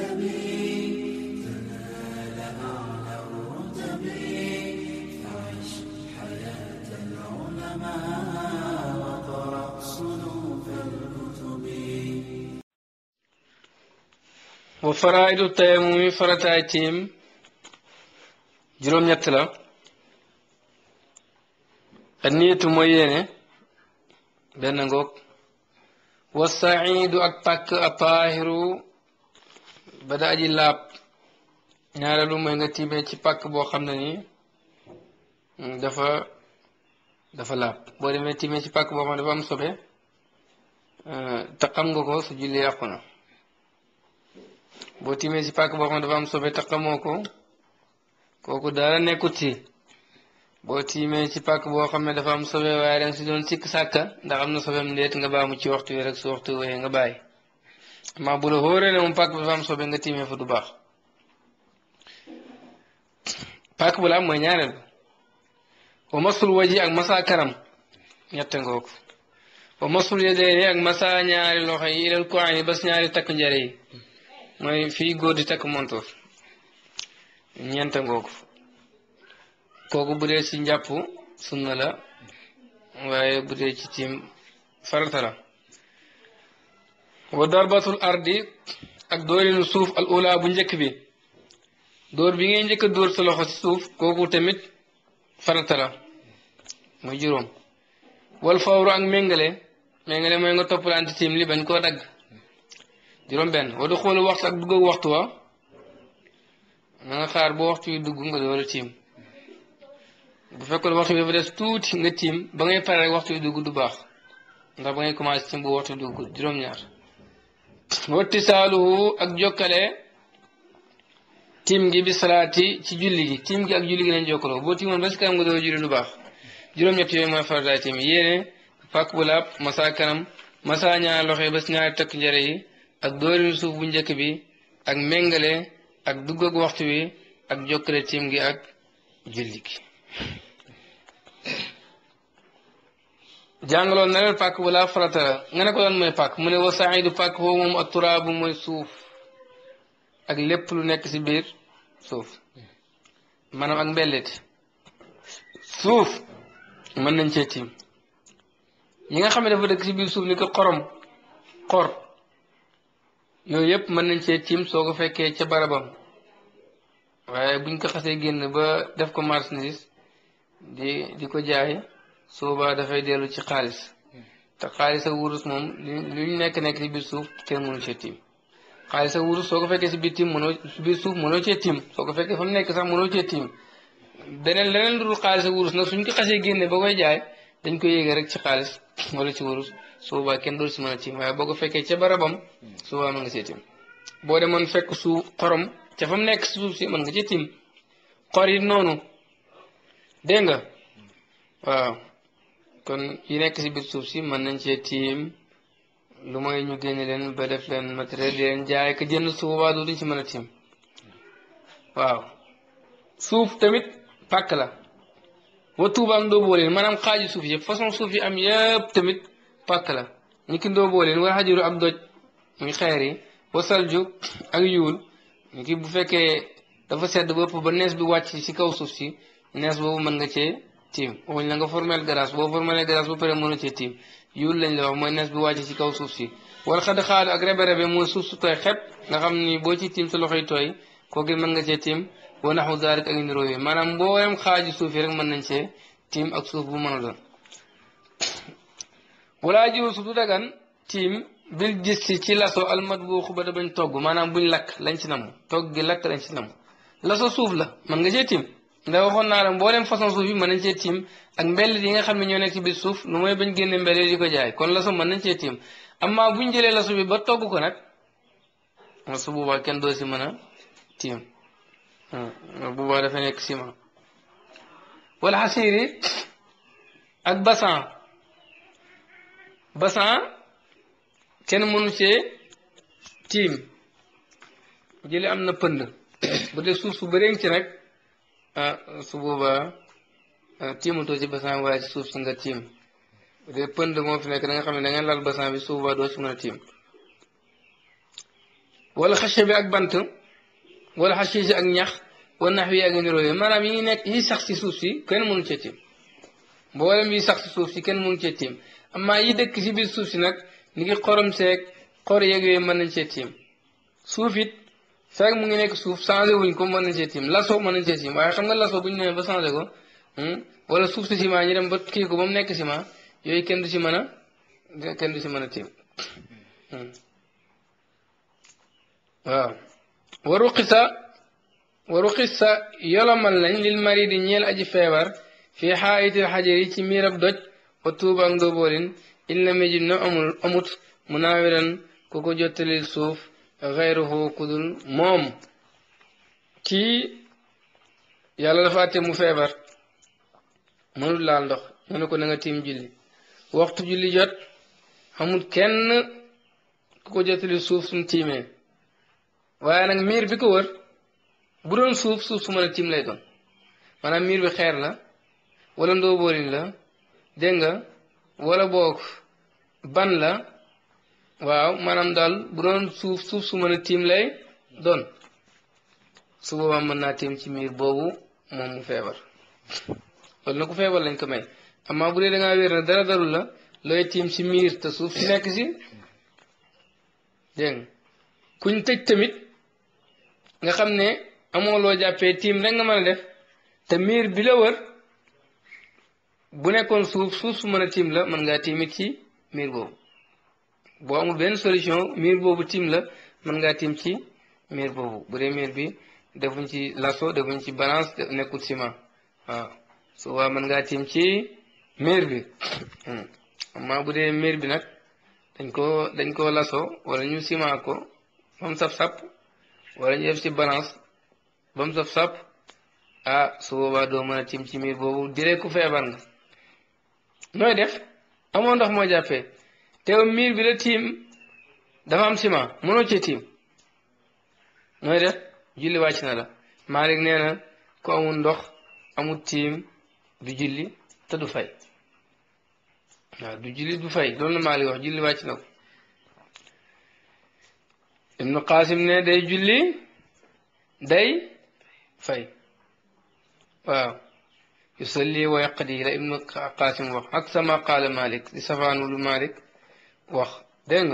تنال حياة العلماء صنوف الكتب وفرائد التيمم فرتاي تيم جروم نيتلا النية مويينه بين والسعيد أكبك أطاهر ba daa ji laab ñaareelu mooy nga tiimee ci pàkk boo xam ne nii mm, dafa dafa laab boo demee tiimee ci pàkk boo xam ne dafa am sobe euh, te xam nga ko su julli yàqu na boo tiimee ci pàkk boo xam ne dafa am sobe te ko kooku dara nekkut ci boo tiimee ci pàkk boo xam ne dafa am sobe waaye danga si doon sikk sàkka ndax am na sobeem ndeet nga mu ci waxtu wi rek su waxtu wooyee nga bàyyi maa bu la moom pàkk bi dafa am nga tiimee fa du baax pàkk bu la am mooy ñaareel wa masul waji ak masa kanam ñette ngoog wa masul yadayni ak masa ñaari loxo yi ilal ko ani bas ñaari takk njare yi mooy fii góor di takk montoor ñeente ngoog kooku bu dee ci njàpp sunna la bu dee ci tiim farata وضربة الأرض أك دور النصوف الأولى بنجك بي دور بيجي نجك دور سلوخ السوف كوكو تمت فرطرا مجروم والفور أن مينغلي مينغلي ما ينغو تبول أنت تيملي بنكو رق جروم بين ودخول وقت أك دقو وقت وا أنا خار بو وقت يدقو نغو دور تيم بفكر وقت يفرس توت نغو تيم بغي فرق وقت يدقو دباخ ndax ba ngay commencé ci bu wootu du ko wattisaaluhu ak jokkale tim gi bi salaati ci julli gi tim gi ak julli gi lañ jokkaloo boo timoon ba si kanam nga doon julli lu baax juróom-ñett yooyu mooy farataay tim yéene pàkk bu laab masaa kanam masaa ñaar loxo yi ba si ñaari takk njare yi ak dóorinu suuf bu njëkk bi ak méngale ak dugg ak waxtu wi ak jokkale tim gi ak julli gi jàngaloon na leen pàkk wala farata la nga ne ko lan mooy pàkk mu ne wa du pàkk foofu moom ak turaabu mooy suuf ak lépp lu nekk si biir suuf maanaam ak mbelliti suuf mën nañ cee tiim ñi nga xam ne dafa dekk si biir suuf ni ko xorom xor yooyu yëpp mën nañ cee tiim soo ko fekkee ca barabam waaye buñ ko xasee génn ba def ko marchandise di di ko jaay soobaa dafay dellu ci xaalis te xaalis ak wurus moom lu ñu nekk nekk ci biir suuf kenn mënu cee tiim xaalis ak wurus soo ko fekkee si biir tiim mënoo biir suuf mënoo cee tiim soo ko fekkee fa nekk sax mënoo cee tiim beneen leneen lu dul xaalis nag suñ ko xasee génne ba koy jaay dañ koy yéegee rek ci xaalis wala ci wurus suuba kenn dool si mën a tiim waaye boo ko fekkee ca barabam soobaa mën nga cee tiim boo demoon fekk suuf xorom ca fa nekk nekk suuf si mën nga cee tiim xor yi noonu dégg nga waaw kon yi nekk si biir suuf si mën nañ cee tiim lu mooy ñu génne leen ba def leen matériel di jaay ka jënd suuf waa duñ si mën a tiim waaw suuf tamit pàkk la wa tuubaa ndóobooleen maanaam xaaj suuf yëpp façon suuf yi am yëpp tamit pàkk la ñu ki ndóobooleen wala xajiru ak doj muy xeer yi wa salju ak yuul ñu ki bu fekkee dafa sedd ba ëpp ba nees bi wàcc si kaw suuf si nees boobu mën nga cee tiim waxuñ la nga formel garaas boo formel garaas ba pare a ci tiim yuul lañ la wax mooy nes bi wàcc ci kaw suuf si wala xad xaadu ak rebe rebe mooy suuf su tooy xepp nga xam ni boo ci tiim sa loxoy tooy kooku mën nga cee tiim wa naxu zaarik ak niróo yi maanaam mboolem xaaju suuf yi mën nañ cee tiim ak suuf bu mën a doon walaa jiwu su du dagan tiim bil gis si ci laso almat boo xuba da bañ togg maanaam buñ lakk lañ ci namu togg gi lakk lañ ci namu laso suuf la mën nga cee tiim ndax waxoon naa la mboolem façon suuf yi mën nañ cee tiim ak mbellit yi nga xam ne ñoo nekk ci biir suuf nu mooy bañ génne mbellit yi ko jaay kon lasu mën nañ cee tiim bu buñ jëlee lasu bi ba togg ko nag su boobaa si mën a tiim nekk ciment wala xasiiri ak basan basan kenn mënu cee tiim jëlee am na pënd bu dee suuf su bëree ci nag ah su boobaa tiimatoo ci bassin bi waaye ci suuf si nga tiim bu pënd moo fi nekk da nga xam ne da nga laal bassin bi su boobaa doo si mën a tiim wala xashe bi ak bant wala xashe si ak ñax wala nax wi ak niroo yi maanaam yi nekk yi sax si suuf si kenn mënu cee tiim mboolem yi sax si suuf si kenn mënu cee tiim amaa yi dëkk si biir suuf si nag ni ngi xorom seeg xor yeeg yooyu mën nañ cee tiim suuf fekk mu ngi nekk suuf changé wuñ ko mën nañ cee tiim laso mën nañ cee tiim waaye xam nga laso bu ñu nee ba changé ko hmm, wala suuf si ciment ñu dem ba kii ko ba mu nekk ciment yooyu kenn du ci mën a kenn du ci mën a tiim hmm. waaw waru xisa waru xisa yolomal nañ lil mari di ñeel aji feebar fii xaayitil xajari ci miirab doj wa tuuba ak ndóobóolin il na méjid na amul amut mu naawiran ku ko jottalil suuf xeyruhu kudul moom ki yàlla dafa àtte mu feebar mënul ndox mu ne ko na tiim julli waxtu julli jot xamul kenn ku ko jotali suuf sumu tiimee waaye nag miir bi ko wër bu suuf suuf su mën a tiim lay doon maanaam miir bi xeer la walla ndóobóorin la dégg nga wala boog ban la waaw maanaam daal bu doon suuf suuf su mën a tiim lay doon su boobaa mën naa tiim ci miir boobu moom mu feebar loolu na ku feebar lañ ko may amaa bu dee da ngaa na dara darul la looy tiim si miir te suuf si nekk si dégg kuñ tëj tamit nga xam ne amoo loo jàppee tiim rek nga mën def te miir bi la wër bu nekkoon suuf suuf su mën tiim la mën ngaa tiimit ci miir boobu boo amul benn solution miir boobu tiim la mën ngaa tiim ci miir boobu bu dee miir bi defuñ ci lasso defuñ ci balance nekkul ciment waaw su mën ngaa tiim ci miir bi amma bu dee miir bi nag dañ ko dañ koo lasso wala ñu ciment ko ba mu saf-sap wala ñu def ci balance ba mu saf-sap ah su boobaa doo mën tiim ci miir boobu diree ku feebar nga nooy def amoo ndox moo jàppee te miir bi la tiim dafa am ciment mënoo cee tiim nooy def julli wàcc na la Malick nee na ku amul ndox amul tiim du julli te du fay du julli du fay loolu la Malick wax julli wàcc na ko Ibnu Qasim ne day julli day fay waaw yusalli wa yaqdi la Ibnu Qasim wax ak sama qaala Malick di safaanu lu Malick واخ دنگ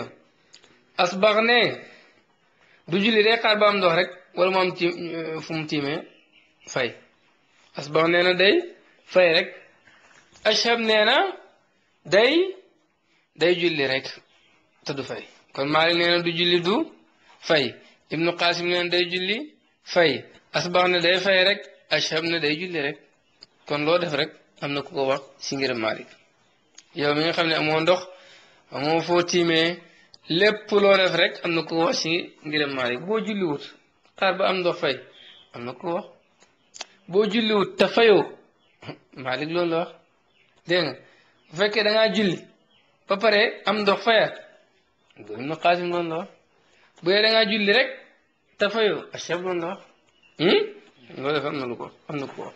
اسباغ نه دوجلي ري قربام دوخ رك ولا مام تي فوم تيمه فاي اسباغ نه داي فاي رك اشهب نه داي داي جولي رك تدو فاي كون مال نه دوجلي دو فاي ابن قاسم نه داي جولي فاي اسباغ نه داي فاي ريك اشهب نه داي جولي رك كون لو ديف رك امنا كوكو واخ سي غير مالك يوم مي خامني امو ندوخ moom foo tiimee lépp loo def rek am na ko wax si ngërëm Maalik boo julliwut xaar ba am ndox fay am na ko wax boo julliwut te fayoo Maalik loolu la wax bu fekkee dangaa ngaa julli ba pare am ndox fayaat loolu na Qaasim loolu la bu dee ngaa julli rek te fayoo achab loolu la wax hmm? loolu am na lu ko am na ko wax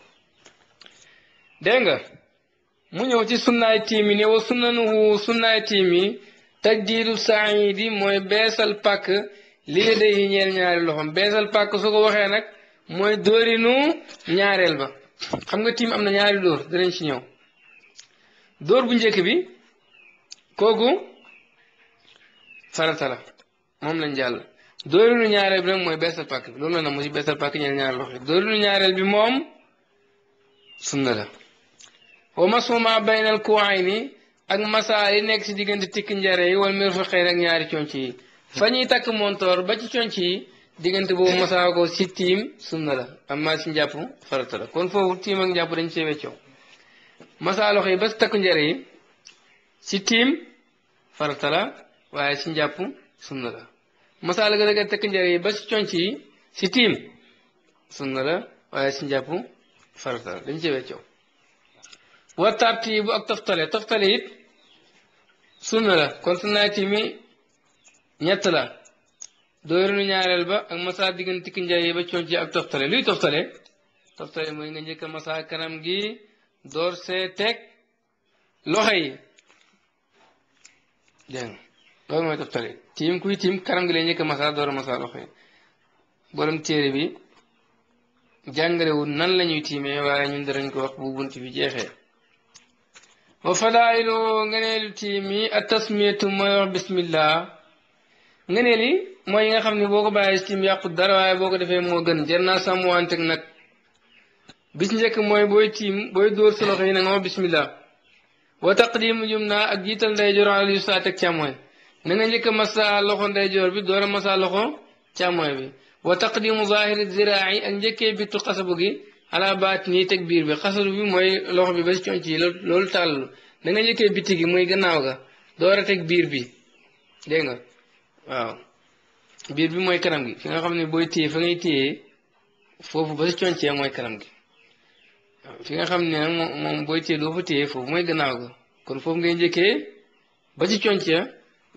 dégg mu ñëw ci sunnaay tiim yi ne wa sunnanuhu sunnaay tiim yi tajdiidu saidi mooy beesal pàkk li day yi ñeel ñaari loxoom beesal pàkk soo ko waxee nag mooy dóorinu ñaareel xam nga tiim am na ñaari dóor danañ ci ñëw dóor bu njëkk bi kooku farata la moom lañ jàll dóorinu ñaareel bi nag mooy beesal pàkk bi loolu la na ci beesal pàkk ñeel ñaari loxo yi ñaareel bi moom sunna la wa masuma baynal kuwayni ak masaa yi nekk si diggante tikki njare yi wala mirfaqeyn ak ñaari conc yi fa ñuy takk montoor ba ci conc yi diggante boobu masaa ko si tiim sunna la amma si njàpp farata la kon foofu tiim ak njàpp dañ see weccoo masaa loxo yi ba si takk njare yi si tiim farata waaye si njàpp sunna la masaa la gën a takk njare yi ba si conc yi si tiim sunna la waaye si njàpp farata dañ see weccoo wa tartiibu ak toftale toftale it sunna kon sunnaay tiimi ñett la dóorinu ñaareel ba ak masa diggante tikki njaay ba coon ci ak toftale luy toftale toftale mooy nga njëkk a kanam gi door see teg loxo yi dégg loolu mooy toftale tiim kuy tiim kanam gi lay njëkk a masa door a masa loxo yi borom téere bi jàngalewul nan la ñuy waaye ñun darañ ko wax bu bunt jeexee wa fadaayilu ngeneelu tiim yi a tasmiyatu mooy wax bismillah ngeneeli mooy yi nga xam ne boo ko bàyyee si tiim yàqut dara boo ko defee moo gën jar naa sàmm wanteeg nag bis njëkk mooy booy tiim boy dóor sa loxo yi na nga wax bismillah wa taqdimu jumna ak jiital ndeyjoor alal yusra teg càmmooñ na nga njëkk a masa loxo ndeyjoor bi door a masa loxo càmmooñ bi wa taqdimu zahiri ziraai ak njëkkee bittu xasabu gi ala baat nii teg biir bi xasaru bi mooy loxo bi ba ci conc yi loolu tàllalu da nga njëkkee gi mooy gannaaw ga door a teg biir bi dégg nga waaw biir bi mooy kanam gi fi nga xam ne booy téye fa ngay téye foofu mooy kanam gi fi nga xam ne nag moom booy téye doo fa téye foofu mooy gannaaw ga kon foofu ngay njëkkee ba ci conc ya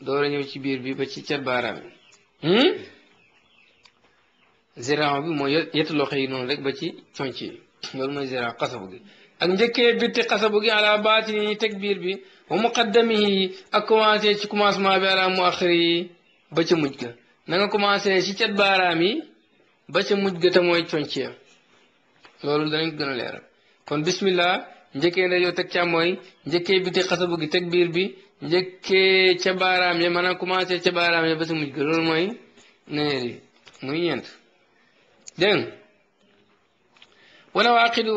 door a ñëw ci biir bi ba ci cat baaraam yi zira bi mooy yetti loxo yi noonu rek ba ci conc yi loolu mooy zira xasabu gi ak njëkkee bitti xasabu gi ala baatini yi teg biir bi wa muqaddamihi ak commencé ci commencement bi ala mu axir yi ba ca muj ga na commencé ci baaraam yi ba ca mujj mooy conc ya loolu danañ ko gën a leeral kon bismillah njëkkee ndeyoo teg càmmooy njëkkee bitti xasabu gi teg biir bi njëkkee ca baaraam ya na commencé ca baaraam ya ba ca mujj ga loolu mooy nañeer yi muy ñeent dégg nga wana waaqidu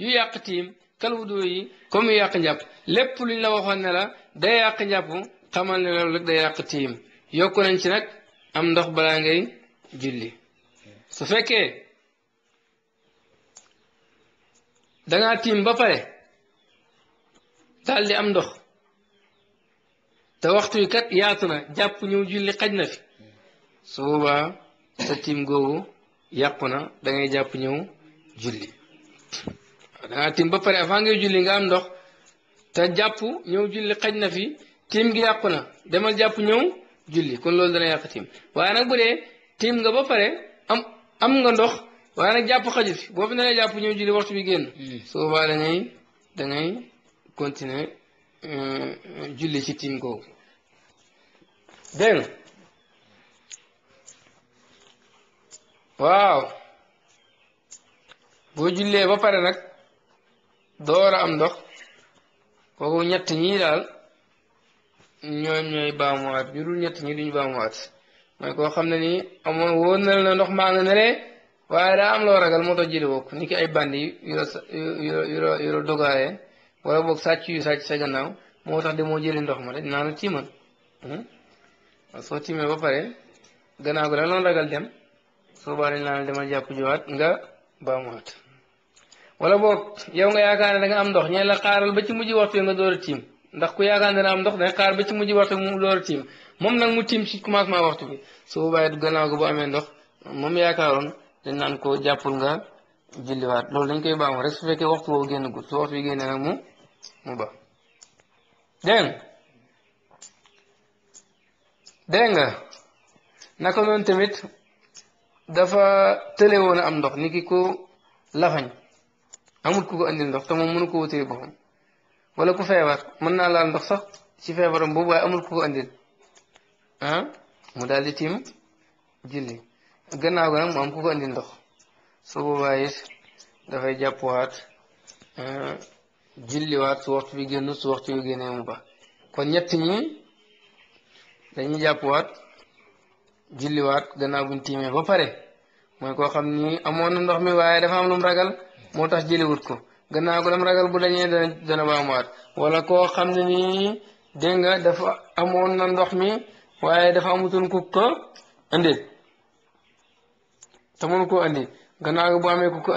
yu yàq tiim kal wudu yi comme yu yàq njàpp lépp luñ la waxoon ne la day yàq njàpp xamal ne loolu rek day yàq tiim yokku nañ ci nag am ndox balaa ngay julli su fekkee dangaa tiim ba pare daal di am ndox te waxtu kat yaatu na jàpp ñëw julli xaj na fi su boobaa tiim googu yàpp na da jàpp ñëw julli da ngaa ba pare avant ngay julli nga am ndox te jàpp ñëw julli xaj na fi tim gi yàqu na demal jàpp ñëw julli kon loolu dana yàq tim waaye nag bu dee tim nga ba pare am am nga ndox waaye nag jàpp xaju fi boo fi ne jàpp ñëw julli waxtu wi génn hmm. su boobaa da dangay da euh, julli ci tim googu dégg waaw boo jullee ba pare nag door am ndox kooku ñett ñii daal ñoom ñooy baamuwaat ñu dul ñett ñi duñ baamuwaat mooy koo xam ne nii amoon wóor na ndox maa nga neree waaye daa am loo ragal moo tax jëli wokk ni ki ay bandi yu la yu la yu la dogaayee wala boog sàcc yu sàcc sa gannaaw moo tax de moo jëli ndox ma dañ naa la tiimal hmm? soo tiimee ba pare gannaaw gi la loon ragal dem boobaa dañ laa ne dama jàpp jiwaat nga baamuwaat wala boo yow nga yaakaar ne da nga am ndox ñee la xaaral ba ci mujj waxtu nga door a tiim ndax ku yaakaar ne dana am ndox danga xaar ba ci mujj waxtu mu door a moom nag mu tiim ci commencement waxtu bi su boobaa it gannaaw ga bu amee ndox moom yaakaaroon dañ naan ko jàppul nga julliwaat loolu dañ koy baamu rek su fekkee waxtu boobu génn gul su waxtu bi génnee nag mu mu ba dégg dégg nga naka noonu tamit dafa tële am ndox ni ki ko lafañ amul ku ko andil ndox te moom mënu ko wutali wala ku feebar mën naa laal ndox sax ci feebaram mboobu waaye amul ku ko andil ah, mu daal di tiim julli gannaaw ga am ko andil ndox su boobaa it dafay jàppuwaat ah, julliwaat su waxtu bi génn su waxtu bi génnee mu ba kon ñett ñi dañuy jàppuwaat julliwaat gannaaw buñ tiimee ba pare mooy koo xam ni amoon na ndox mi waaye dafa am lu mu ragal moo tax jëliwut ko gannaaw gu lam ragal bu dañee dana dana baamuwaat wala koo xam ne nii dégg nga dafa amoon ndox mi waaye dafa amutoon ku ko indil te mënu koo indi gannaaw gi bu amee ku ko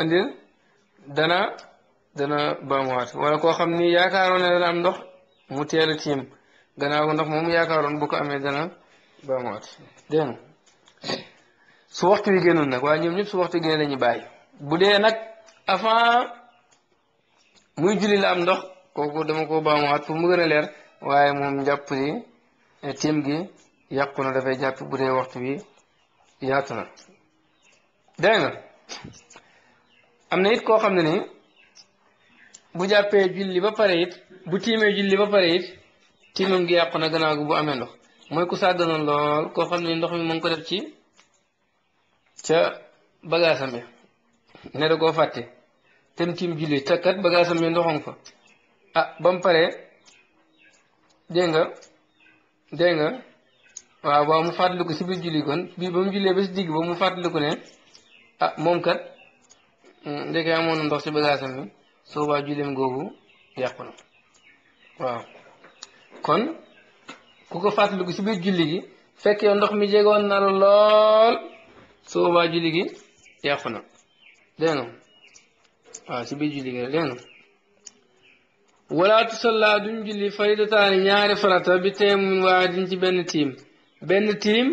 dana dana baamuwaat wala koo xam ni yaakaaroon ne dana am ndox mu teel a tiim gannaaw gu ndox moom yaakaaroon bu ko amee dana baamuwaat dégg nga su waxtu wi génnoon nag waaye ñoom ñëpp su waxtu wi génne la bu dee nag avant muy julli la am ndox kooku dama ko baamuwaat pour mu gën a leer waaye moom jàpp ni eh, tim gi yàqu na dafay jàpp bu dee waxtu wi yaatu na dégg am na it koo xam ne ni bu jàppee julli ba pare it bu tiimee julli ba pare it tiimam gi yàqu na gannaaw gi bu amee ndox mooy ku sàgganoon lool koo xam ne ndox mi mu ko def ci ca bagaasam bi ne da koo fàtte tem tim julli te kat bagaasam bi ndoxam ko ah ba mu paree dégg nga dégg nga waaw waaw mu si biir julli kon bii ba mu jullee ba digg ba mu fàttaliku ne ah moom kat mm, ndeke amoon ndox si bagaasam bi soo waa julleem googu yàqu waaw kon ku ko fàttaliku si biir julli gi fekk yow ndox mi jegoon na la lool su julli gi yàqu na dégg nga waaw biir julli gi la dégg nga wala tusalla duñ julli faridataani ñaari farata bi teem mun waa diñ ci benn tiim benn tiim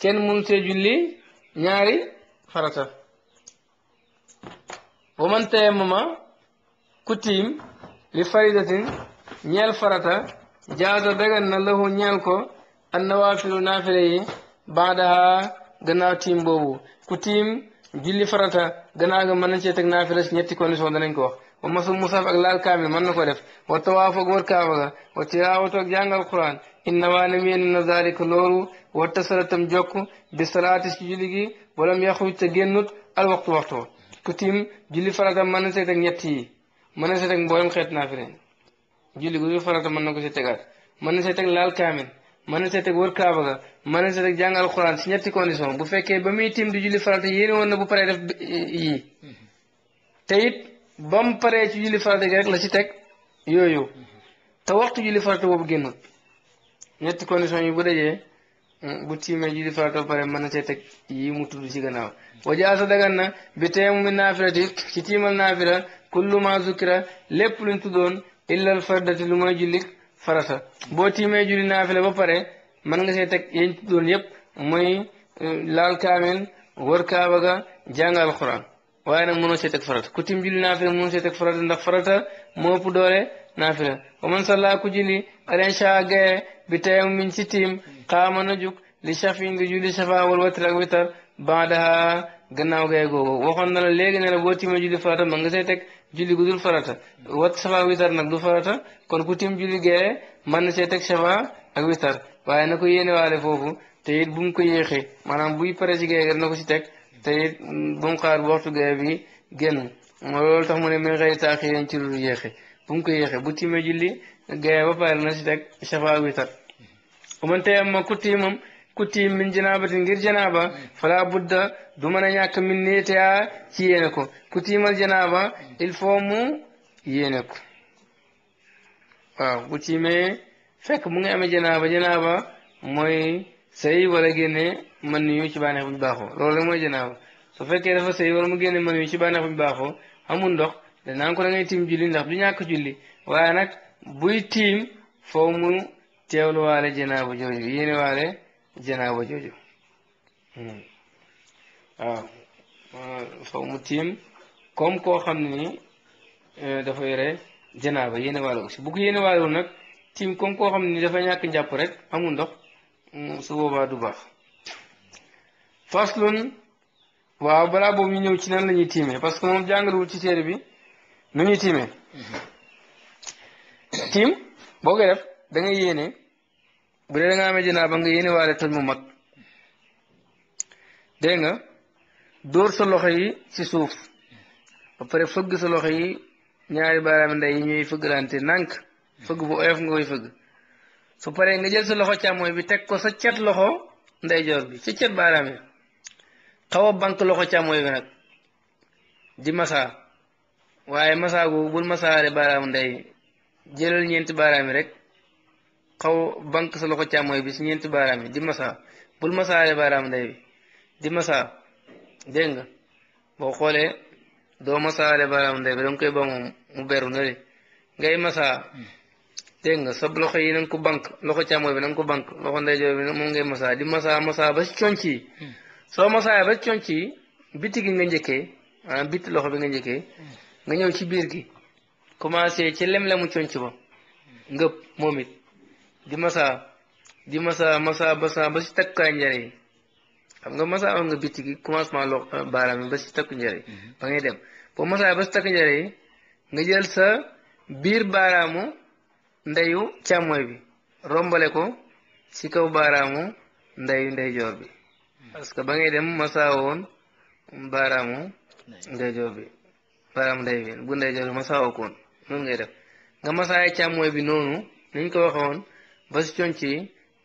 kenn mënut a julli ñaari farata wa man tayamama ku tiim li faridatin ñeel farata jaaza dagan na lahu ñeel ko an nawaafilu naafile yi baadaha gannaaw tiim boobu ku tiim julli farata gannaaw nga mën nañ cee teg naafila si ñetti condition danañ ko wax wa masul musaf ak laal kaamil mën na ko def wa tawaaf ak wër kaaba ga wa tilaawatu ak jàngal quran innama nam yéen na zalika loolu wa tasala tam jokk bi salaati si julli gi walam yaxruj te génnut al waxtu waxtu ku tiim julli farata mën na cee ñetti ñett yi mën na cee xeet naafile julli gu dul farata mën na ko si tegaat mën na see teg laal kaamin mën na see teg wër kaaba si ñetti condition bu fekkee ba muy tim di julli farata yéene woon na bu paree def yii te it paree ci julli farata gi rek la ci teg yooyu te waxtu julli farata boobu génnut ñetti condition yi bu dajee mm, bu tiimee julli farata ba pare mën na see teg yi mu tudd ci gannaaw waja sa dagan na bi teemu mi naafilati ci tiimal naafila kullu ma zukira lépp luñ tuddoon illal fardati lu mooy julli farata boo tiimee julli naafila ba pare man nga see teg yéen doon yëpp mooy eh, laal kaamel wër kaaba ga jàng alquran waaye nag mënoo see teg farata ku tiim julli naafila mënoo see teg farata ndax farata moo ëpp doole naafila wa man salla ku julli alencha gaye bi tayam si tiim xaama na jug li shafin nga julli shafa wal watir ak witar baadaha gannaaw gaye googu waxoon na la léegi boo tiimee julli farata mën nga see teg julli gu dul farata wat safa witar nag du farata kon ku tim julli gee man na see teg safa ak witar waaye na ko yéene waale foofu te it bu mu ko yéexee maanaam buy pare si gee na ko si teg te it mm, bu mu bi génn moo loolu tax mu ne min xëy taaxi yéen ci lu yéexee bu mu ko yéexee bu timee julli gee ba pare na si teg safa ak witar man tey ma ku tiimam kuti min janabati ngir janaba fala budda du mën a ñàkk min niyetea ci yéene ko ku tiimal janaba il faut mu yéene ko waaw bu tiimee fekk mu ngi amee janaba janaba mooy sëy wala génne man niyu ci bànneex bu ñu baaxo loolu mooy janaba su fekkee dafa sëy wala mu génne mën niyu ci bànneex bu ñu baaxoo amu ndox danaa ko da ngay tiim julli ndax du ñàkk julli waaye nag buy tiim foo mu teewlu waale janaaba jooju waale janaaba jooju waaw mu tiim comme koo xam ni dafa yore janaaba yéene waalo aussi bu nag tiim comme koo xam ne ni dafa ñàkk njàpp rek amul ndox su boobaa du baax faslun waaw balaa boobu ñu ñëw ci nan lañuy ñuy tiimee parce que moom jàngalewul ci téere bi nu ñuy tiimee tiim boo koy def da bu dee da nga amee janaaba nga yéene waale toj mu mag dégg nga dóor sa loxo yi si suuf ba pare fëgg sa loxo yi ñaari baaraam ndey yi ñuy fëggalante nànk fëgg bu oyof nga koy fëgg su paree nga jël sa loxo càmmooñ bi teg ko sa cet loxo ndeyjoor bi sa cet baaraam yi xaw a loxo càmmooñ bi nag di masaa waaye masaa googu bul masaare baaraam ndey jëlal ñeenti baaraam yi rek xaw bank sa loxo càmmooy bi si ñeenti baaraam yi di masa bul masaale baaraam ndey bi di masa dégg nga boo xoolee doo masaale baaraam ndey bi danga koy ba moom mu beru na li ngay masa dégg nga sa loxo yi na ko bank loxo càmmooy bi na ko bank loxo ndeyjoor bi moom ngay masa di masa masa ba si conc soo masaa ba si conc yi gi nga njëkkee maanaam loxo bi nga njëkkee nga ñëw ci biir gi commencé ci lem conc ba ngëpp moom di masaa di masaa masaa basaa ba si takkaay njare yi xam nga masaa am nga bitti gi commencement loo euh, baaraam yi ba si takku njare mhm. ba ngay dem boo masaa ba si takku njare yi nga jël sa biir baaraamu ndeyu càmmooy bi rombale ko si kaw baaraamu ndeyu ndeyjoor bi mhm. parce que ba ngay dem masaa woon koon nga masaa càmmooy bi noonu ni ñu ko waxee ba su conc yi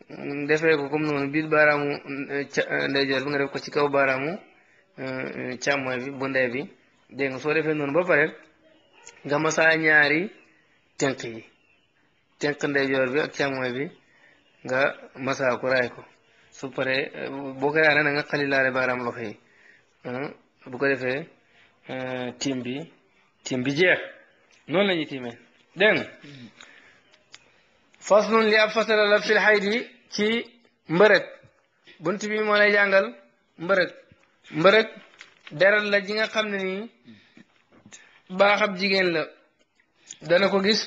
mm, defee ko comme noonu biir baaraamu mm, euh, ndeyjoor bi nga def ko ci kaw baaraamu euh, càmmooy bi bu ndey bi dégg nga soo defee noonu ba pare nga masaa ñaari tenq yi tenq ndeyjoor bi ak càmmooy bi nga masaa ko raay ko su paree euh, boo ko raay na nga xalilaale baaraam loxo yi bu ko defee tiim bi bi jeex noonu la ñuy tiimee fas li ab la fil haydi ci mbërëg buntu bi mo lay jangal mbërëg mbërëg deral la gi nga xamni ni nii baax ab la dana ko gis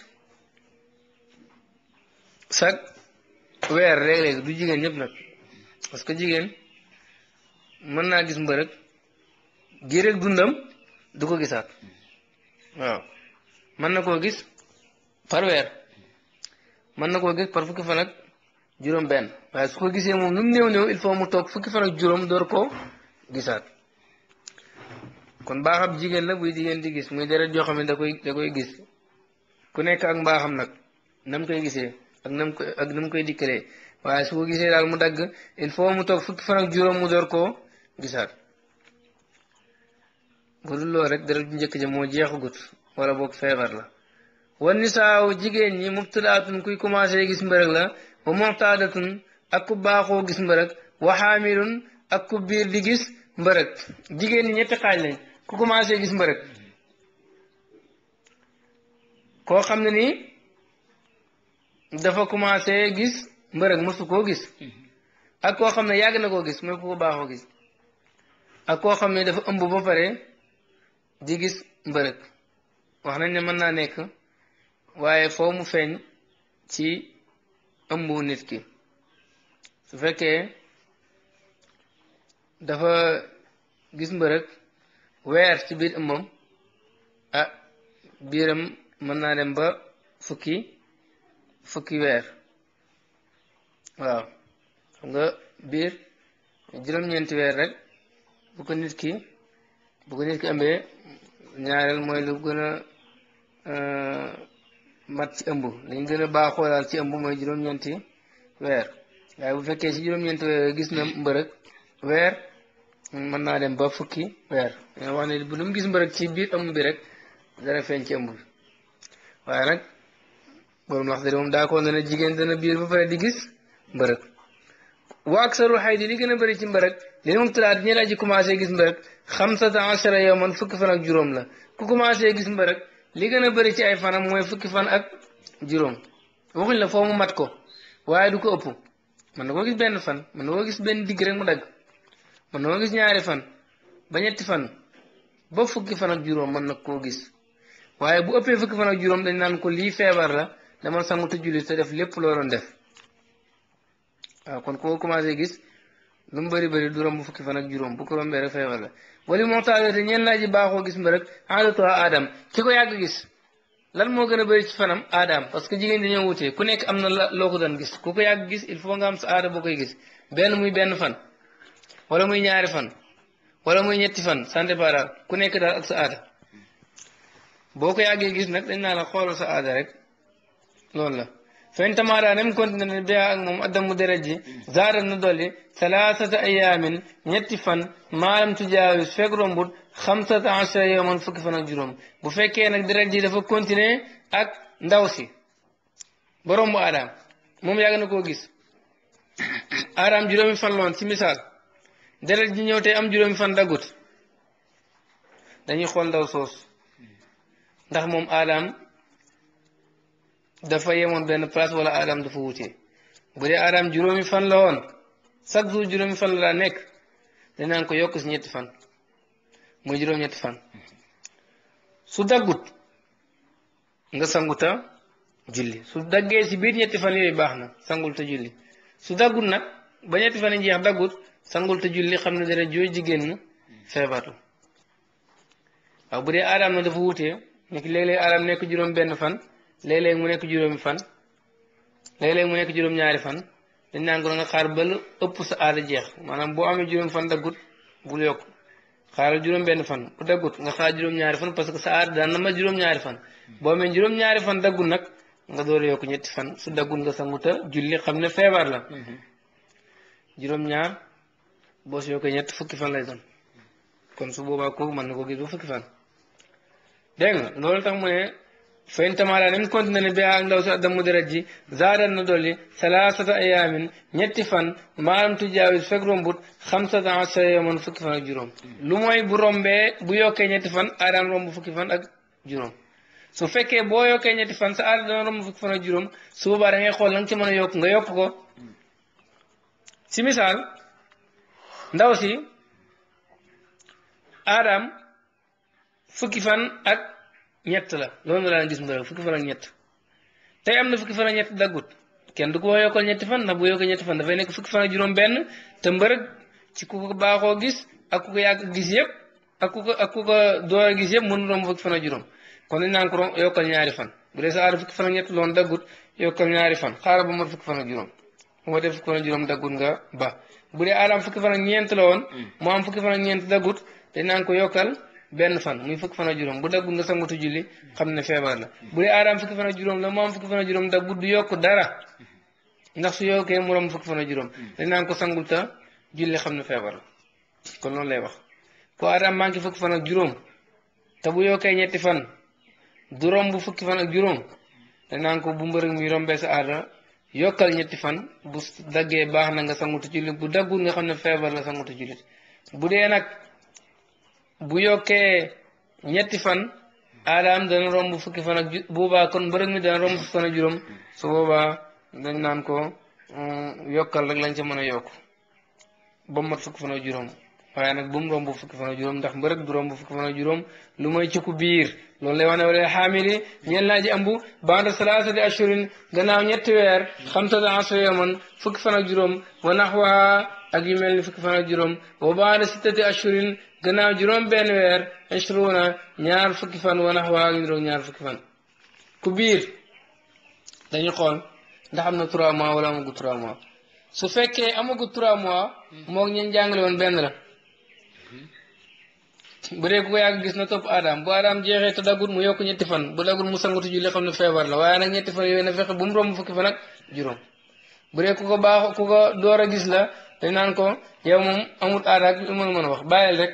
sak weer léeg-léeg du jigen ñep nak parce que jigen mën na gis mbërëg gi rek dundam du ko gisat waaw mën na ko gis par weer mën na koo gis par fukki fan ak juróom benn waaye su ko gisee moom nu mu néew néew il faut mu toog fukki fan juróom door koo gisaat kon baaxam jigéen la buy jigéen di gis muy deret yoo xam da koy da koy gis ku nekk ak mbaaxam nag nam koy gisee ak nam koy koy dikkalee waaye su gisee daal mu dagg il faut mu toog fukki fan ak juróom mu door koo gisaat bu dul rek deret ju njëkk ja moo jeexagut wala boog feebar la wan nisaaw jigéen ñi mubtilaatun kuy commencer gis mbërëg la wa muxtaadatun ak ku baaxoo gis mbërëg wa xaamilun ak ku biir di gis mbërëg jigéen ñi ñetti xaaj lañ ku commencé gis mbërëg koo xam ne ni dafa commencé gis mbërëg mosu koo gis ak koo xam ne yàgg na koo gis mooy ku ko baaxoo gis ak koo xam ne dafa ëmb ba pare di gis mbërëg wax nañ ne mën naa nekk waaye foo mu feeñ ci ëmbu nit ki su fekkee dafa gis mbërëg weer ci biir ëmbam ah biiram mën naa dem ba fukki fukki weer waaw xam nga biir juróom-ñeenti weer rek bu ko nit ki bu ko nit ki ëmbee ñaareel mooy lu gën a euh, mat ci ëmb lañ gën a baax daal ci ëmb mooy juróom-ñeenti weer waaye bu fekkee si juróom-ñeenti weer gis na mbërëg weer mën naa dem ba fukki weer dina wax ne bu lu mu gis mbërëg ci biir ëmb bi rek dara feeñ ci ëmb bi waaye nag borom wax dëgg moom daa ko dana jigéen dana biir ba pare di gis mbërëg wa aksaru xay di li gën a bëri ci mbërëg li moom talaat ñi laa ci commencé gis mbërëg xamsata achara yow man fukki fan ak juróom la ku commencé gis mbërëg lii gën a bëri ci ay fanam mooy fukki fan ak juróom waxuñ la foo mu mat ko waaye du ko ëpp mën na koo gis benn fan mën na koo gis benn digg mu dagg ñaari fan ba ñetti fan ba fukki fan ak juróom mën na koo gis waaye bu ëppee fukki fan ak juróom dañ naan ko lii feebar la dama sangu te julli te def lépp loo doon def waaw kon koo commencé gis lu mu bëri bëri du romb fukki fan ak juróom bu rombee rek feebar la wali moxtaar te ñeen naa ji baaxoo gis ma mbërëg a aadam ki ko yàgg gis lan moo gën a bëri ci fanam aadam parce que jigéen dañoo wutee ku nekk am na loo ko doon gis ku ko yàgg gis il faut nga am sa aada boo koy gis benn muy benn fan wala muy ñaari fan wala muy ñetti fan ça ku nekk daal ak sa aada ko yàggee gis nag dañ naa la xoolal sa aada rek loolu la فإن تمارا نم كنت نبيع مقدم مدرجي زار ji ثلاثة أيام نتفن ما لم تجاوز فكرهم ñetti fan عشر يوما فك فنجرهم بفكي أنك درجي دفع كنتني أك ndawsi borom bu fekkee dafa ndaw si aadaam moom yàgg na koo gis aadaam juróomi fan loon ci misaal deret ji ñëw tey am juróomi fan daggut dañuy xool ndaw soos ndax moom aadaam dafa yemoon benn place wala aadam dafa wutee bu dee aadam juróomi fan la woon chaque jour juróomi fan la daa nekk danaan ko yokk si ñetti fan mooy juróom-ñetti fan su daggut nga sanguta julli su daggee si biir ñetti fan yooyu baax na sangul te julli su daggut nag ba ñetti fan yi jeex daggut sangul te julli xam ne dara jooy jigéen feebartu waaw bu dee aadam na dafa wutee nekk léeg-léeg nekk juróom fan léeg-léeg mu nekk juróomi fan léeg-léeg mu nekk juróom-ñaari fan dañ naan nga xaar ba ëpp sa aada jeex maanaam boo amee juróom fan daggut bul yokk xaaral juróom-benn fan bu nga xaar juróom-ñaari fan parce que sa aada daan na ma juróom-ñaari fan boo amee juróom-ñaari fan daggut nag nga door a yokk ñetti fan su daggut nga sangu te julli xam ne feebar la mhm. juróom-ñaar boo si yokkee ñett fukki fan lay doon kon su boobaa ko mën na ko gis ba fukki fan dégg loolu tax mu ne fayn tamaala nañ continué ne bia ak ndaw si addamu deret ji zaadan na dolli salaasata ayaamin ñetti fan maanaam tujaawis fekk rombut xamsata asara yawman fukki fan ak juróom lu mooy bu rombee bu yokkee ñetti fan aadaam romb fukki fan ak juróom su fekkee boo yokkee ñetti fan sa aada romb fukki fan ak juróom su boobaa xool la nga ci mën a yokk nga yokk ko si misaal ndaw si aadaam fukki fan ak ñett la loolu daan gis mu dara fukki fan ñett tey am na fukki fan ak ñett daggut kenn du ko wax yokkal ñetti fan ndax bu yokkal ñetti fan nekk fukki fan ak te mbërëg ci ku ko baaxoo gis ak ku ko yàgg gis yëpp ku ak ku ko door a gis yëpp mënul romb fukki fan kon dañ naan ko yokkal ñaari fan bu dee sa aada fukki fan ak ñett loon daggut ñaari fan xaaral ba mat fukki fan ak juróom moo def fukki fan ak nga ba bu dee aadaam fukki fan ak ñeent la woon mm. am fukki fan ak ñeent daggut dañ naan ko yokkal benn fan muy fukki fan ak juróom bu daggul nga sangatu julli xam ne feebar la bu dee aadaam fukki fan ak juróom la mu am fukki fan yokk dara ndax su yokkee mu romb fukki fan juróom dañ naan ko sangul ta julli xam ne feebar la kon loolu lay wax ko aadaam manqué fukki fan ak juróom te bu yokkee ñetti fan du romb fukki fan ak juróom dañ naan bu mbërëg mi sa aada yokkal ñetti fan bu daggee baax na nga sangutu jullit bu daggul nga xam ne feebar la sangutu jullit bu dee nag bu yokkee ñetti fan aadaam dana romb fukki fan ak boobaa kon mbërëg mi dana romb fukki fan ak juróom su boobaa dañ naan ko mm, yokkal rek lañ ca mën a yokk ba mat fukki fan ak juróom waaye nag bu mu romb fukki fan ak juróom ndax mbërëg du romb fukki fan ak juróom lu mooy ci ku biir loolu lay wax wala xaamili ñeel naa ji ëmb banda salaasati ashurin gannaaw ñetti weer xamsata ashra yawman fukki fan juróom wa naxwaha ak yu mel ni fukki juróom wa banda sittati ashurin gannaaw juróom benn weer ashruuna ñaar fukki fan wa naxwaha ak yu juróom ñaar fukki fan ku biir dañu xool ndax am na mois wala amagu trois mois su fekkee amagu trois mois moog ñeen jàngale woon benn la bu dee ku ko na topp aadaam bu aadaam jeexee te daggul mu yokk ñetti fan bu daggul mu sangatu julli xam ne feebar baax ku ko door a gis la dañ naan ko yow moom amul aada ak lu mën mën rek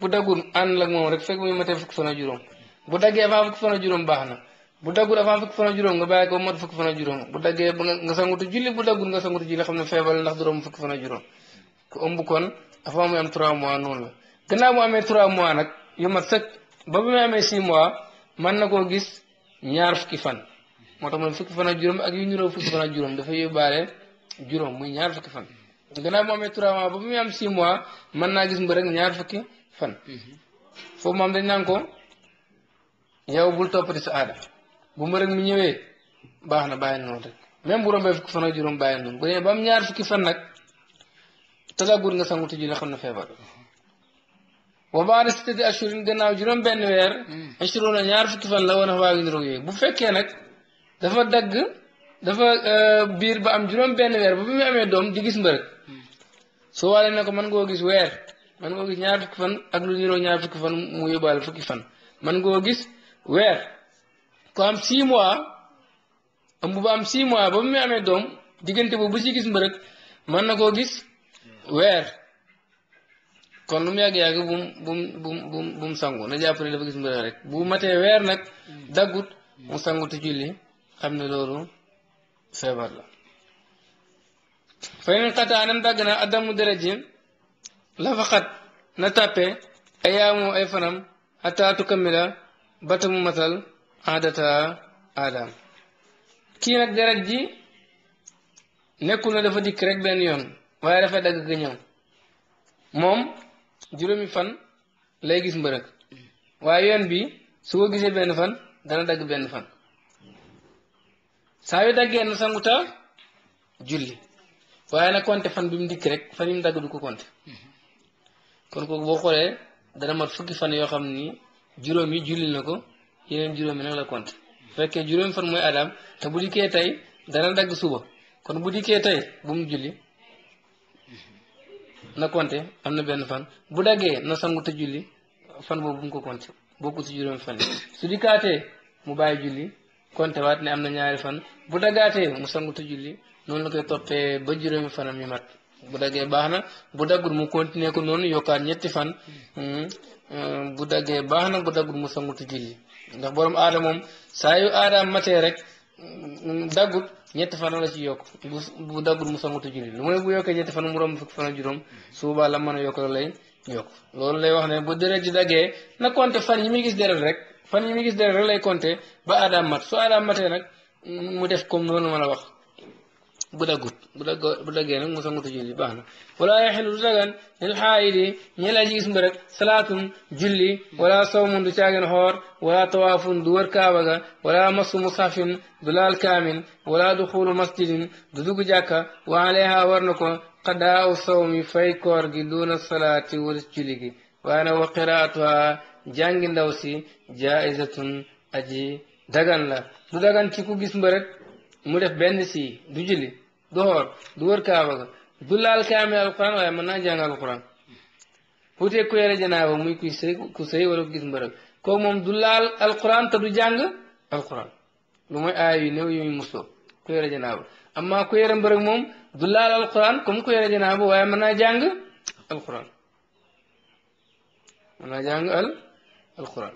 bu daggul ànd ak moom rek fekk muy matee fukki fan ak juróom bu daggee avant fukki fan ak baax na bu daggul avant fukki fan ak juróom nga bàyyi ko mat fukki fan ak juróom bu daggee nga sangutu julli bu daggul nga sangutu julli xam ne feebar la ndax du romb fukki fan ak juróom ku ëmb kon avant muy am trois mois noonu la gannaaw mu amee trois mois nag yu mat sëkk ba bu mu amee six mois mën na koo gis ñaar fukki fan moo tax moom fukki fan ak juróom ak yu juróom dafa yóbbaale juróom muy ñaar fukki fan gannaaw mu amee trois mois ba mën naa gis mbër rek ñaar fukki fan moom dañ naan ko yow bul toppati sa aada bu mbërëg mi ñëwee baax na bàyyi noonu rek même bu rombee fukki fan ak juróom bàyyi noonu bu dee ba am ñaar fukki fan nag tagagur nga sangu te julli xam na feebar wa baada sittati ashurin gannaaw juróom benn weer hmm. ashuroona ñaar fukki fan la woon a waawi niroog yooyu bu fekkee nag dafa dagg dafa euh, biir ba am juróom benn weer ba bi mu amee doom di gis mbërëg hmm. soo ko mën ngoo gis weer mën ngoo gis ñaar fukki fan ak fukki fan mën ngoo gis weer ko am 6 mois ëmb ba doom diggante boobu bu si gis mbërëg mën na koo gis hmm. weer kon nu mu yàgg yàgg bu mu bu mu bu mu bu mu sangu na jàpp ne dafa gis mbërëx rek bu matee weer nag daggut mu sangu te julli xam ne loolu feebar la fay xataanam dagg na adamu daraji la fa xat na tàppe ay yaamu ay fanam xataa tukamila bata mu matal aadata adam kii nag deret ji nekkul na dafa dikk rek benn yoon waaye dafay dagg ga ñëw moom juróomi fan lay gis mbërëg waaye yoon bi su ko gisee benn fan dana dagg benn fan saa yu daggee na sangu ta julli waaye na compter fan bi mu dikk rek fan yi mu dagg du ko compter kon kooku boo xoolee dana mat fukki fan yoo xam ni juróom yi julli na ko yeneen juróom yi nag la compter bu fekkee juróomi fan mooy adam te bu dikkee tey dana dagg suba kon bu dikkee tey bu mu julli na compté am na benn fan bu daggee na sangu te julli fan boobu bu mu ko compté bokkul si juróomi fan su dikkaatee mu bàyyi julli compté waat ne am na ñaari fan bu daggaatee mu sangu te julli noonu la koy toppee ba juróomi fanam yu mat bu daggee baax na bu daggul mu continuer ko noonu yokkaat ñetti fan hmm. Hmm. bu daggee baax na bu daggul mu sangu te julli ndax borom aada moom saa yu aadaam matee rek. Mm, mm, daggul ñetti fan la ci yokk bu bu daggul mu songatu julli lu mooy bu yokkee ñetti fan mu romb fukki fan ak juróom su boobaa la mën a yokk loolu lay yokk loolu lay wax ne bu deret ji daggee na compter fan yi muy gis deret rek fan yi mu gis deret rek lay compter ba aadaam mat su aadaam matee nag mu def comme noonu ma a wax. bu daggut bu dagg bu julli baax wala yaxilu du dagan lil xaayidi ñi laa salaatun julli wala sawmun du caagin xoor wala tawaafun du wër wala masu musafin du laal kaamin wala duxulu masjidin du dugg jàkka wa alayha war ko qadaaw sawmi fay koor gi duuna salaati wala julli gi wa qiraatuha jàngi ndaw si aji dagan la du dagan ci ku mu def benn si du julli du xool du wër kaaba ga du laal kaamil alquran waaye mën naa jàng alquran fuutee ku yore janaaba muy kuy sëy ku sëy wala ku gis mbërëg kooku moom du laal alquran te du jàng alquran lu mooy aay yu néew yooyu musoo ku yore janaaba amma ku yore mbërëg moom du laal alquran comme ku yore janaaba waaye mën naa al alquran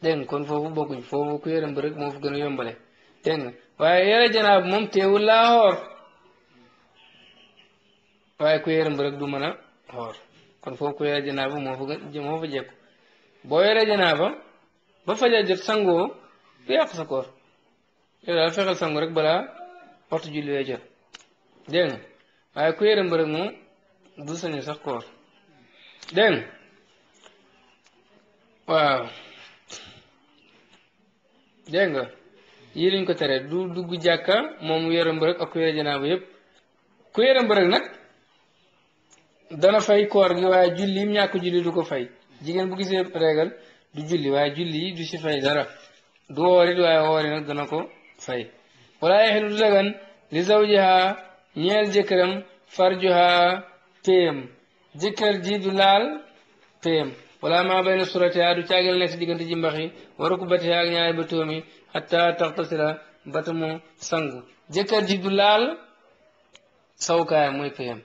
dégg nga kon foofu bokkuñ foofu ku yore mbërëg moo fa gën a yombale dégg waaye yore janaab moom teewul laa xoor waaye ku yore mbërëg du mën a xoor kon foofu ku yore janaaba moo fa moo fa jekku boo yore janaaba ba faja jot sangoo du yàq sa koor yow daal fexeel sangu rek balaa waxtu julli jot dégg waaye ku yore mbërëg moom du sañu sax koor dégg waaw dégg yii lañ ko tere du dugg jàkka moom mu yore mbërëg ak ku yore janaaba yëpp ku yore mbërëg nag dana fay koor gi waaye julli yim ñàkk julli du ko fay jigéen bu gisee régal du julli waaye julli du si fay dara du woorit waaye woori nag dana ko fay wala yaxilu du dagan li zawjiha ñeel jëkkëram farjuha péem jëkkër ji du laal péem wala maa bay suratiha du caagil nekk si diggante ji mbaxi waru batiha ak ñaari ba xatta taxtasila ba ta mu sangu jëkkër ji du laal sawukaayam mooy payam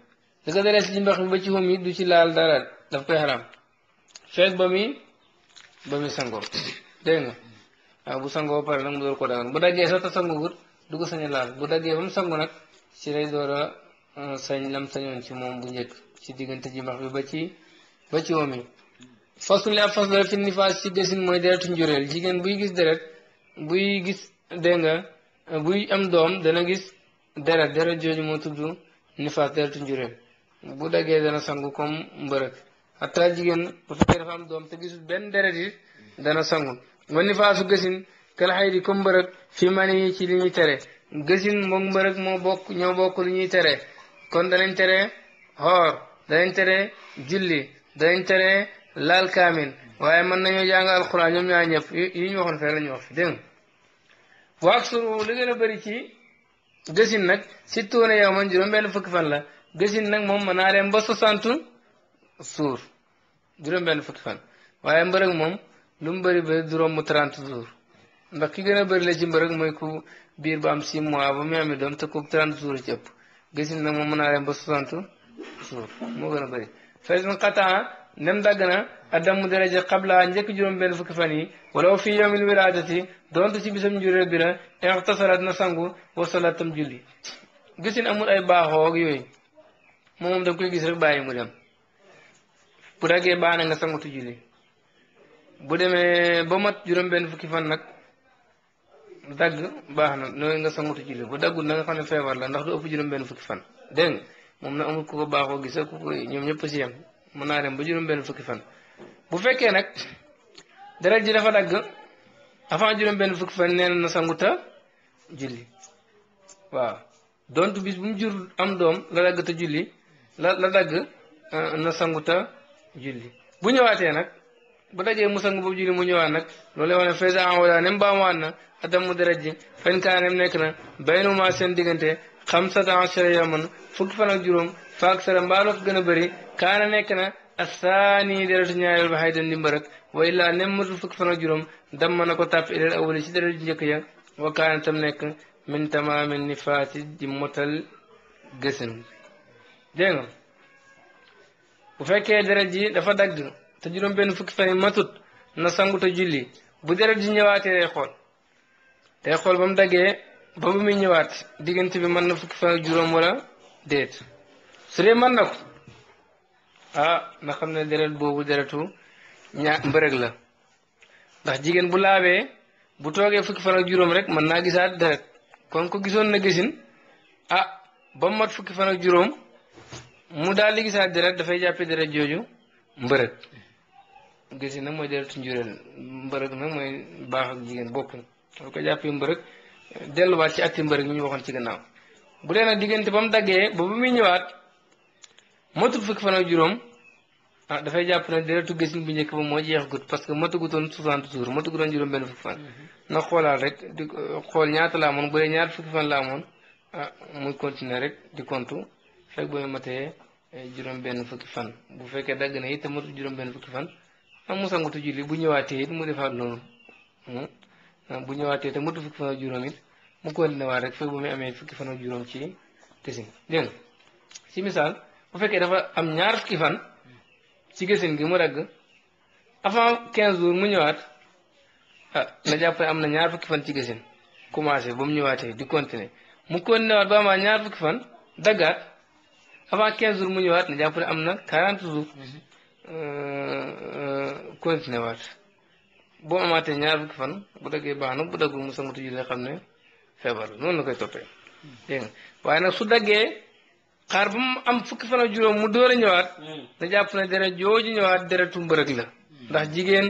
li ko dalee si ci ba ci xom du ci laal dara daf koy xaram feeg ba sangoo dégg sangoo pare nag mu sax te sanguwut du ko bu daggee ba mu nag ci lay door a euh, sañ lam sañoon moom bu njëkk ci diggante ji mbax bi ba ci ba ci xom yi fasul li ab fas dara desin mooy deretu njureel jigéen buy gis deret buy gis dégg nga buy am doom dana gis deret deret jooju moo tudd nifaas deretu njureel bu daggee dana sangu comme mbërëg xataa jigéen bu fekkee dafa am doom te gisul benn deret yi dana sangu wa nifaasu gësin kal xay di comme mbërëg fi mani ci li ñuy tere gësin moom mbërëg moo bokk ñoo bokk li ñuy tere kon danañ tere xoor danañ tere julli danañ tere laal kaamin waaye mën nañoo jàng alquran ñoom ñaar ñëpp yi ñu waxoon fee la ñu wax fi dégg nga waak suru li gën a bëri ci gësin nag si tuune yow man juróom benn fukki fan la gësin nag moom mën naa dem ba soixante suur juróom benn fan waaye mbërëg moom lu mu bëri bëri jours ndax ki gën a bëri la ci mbërëg mooy ku biir ba am six mois ba mu mi doom te ku trente jours ci ëpp gësin nag moom mën naa dem ba soixante suur moo gën a bëri nem dagg na a addamu daraja xabla njëkk juróom benn fukki fan yi walaw fii yawmil wiladati donte ci bisam njuréel bi la ixtasarat na sangu wasalaat tam julli ay baaxoo yooyu moom da gis rek bàyyi bu daggee baax na nga sangutu julli bu demee ba mat juróom benn fukki fan nag dagg baax na nooy nga sangutu julli bu daggul na nga xam ne feebar la ndax du ëpp juróom benn fukki fan dégg nga moom na amul ku ko baaxoo gis ak ku ko ñoom ñëpp si yem mun naa dem ba juróom-benn fukki fan bu fekkee nag deret ji dafa dagg avant juróom-benn fukki fan nee na sanguta ta julli waaw donte bis bu mu jur am doom la dagg ta julli la la dagg euh, na sanguta ta julli bu ñëwaatee nag bu daggee mu sangu boobu julli mu ñëwaat nag loolu wax ne faysa en wala nem baamuwaat na atam mu deret ji fen kaanem nekk na baynuma seen diggante xamsata achara yawman fukki fan ak juróom faak sara mbaaloo ko gën a bari kaana nekk na a asaani deretu ñaareel ba xay dan di mbërëk wa illaa nemmatul fukki fan ak juróom damma na ko tàpp a awali ci deret jëkk njëkk ya wa kaana tam nekk min tamaamin nifaati di motal gësin dégg nga bu fekkee deret ji dafa dagg te juróom benn fukki fan matut na sangu te julli bu deret ji ñëwaatee day xool day xool ba daggee ba bu muy ñëwaat diggante bi mën na fukki fan juróom wala déet su dee mën na ko ah na xam ne deret boobu deretu ñaa mbërëg la ndax jigéen bu laabee bu toogee fukki fan ak juróom rek mën naa gisaat deret kon ko gisoon na gisin ah ba mat fukki fan ak juróom mu daal di gisaat deret dafay jàppee deret jooju mbërëg gisin nag mooy deretu njuréel mbërëg nag mooy baax ak jigéen bokk na ko jàppee mbërëg delluwaat ci atti mbëri lu ñu waxoon ci gannaaw bu dee nag diggante ba mu daggee ba bu ñëwaat motul fukki fan ak juróom ah dafay jàpp ne deretu gësin bu njëkk ba moo jeexagut parce que matagutoon 60 jours matagutoon juróom benn fukki fan mm-hmm. nga xoolaat rek di euh, xool ñaata la amoon bu dee ñaar fan la amoon ah continuer rek di kontu fekk ba mu matee euh, juróom benn fan bu fekkee dagg na it matul juróom benn fan ah mu sangatu julli bu ñëwaatee it mu defaat loolu hmm? ah, bu ñëwaatee te matul fukki fan ak juróom mu continué waat rek fekk mu amee fukki fan ak juróom ci gësin dégg nga misaal bu fekkee dafa am ñaar fukki fan ci gësin gi mu ragg avant quinze jours mu ñëwaat ah na jàpp am na ñaar fukki fan ci gësin commencé ba mu ñëwaatee di continué mu continué waat fan daggaat avant 15 jours mu ñëwaat am na 40 jours euh, continué waat boo amaatee ñaar fukki fan bu daggee baax na bu daggul mu sangatu julli xam ne. feebar noonu la koy toppee waaye nag su daggee xaar ba mu am fukki fan juróom mu door a ñëwaat na jàpp ne deret jooju ñëwaat deretu mbërëg la ndax jigéen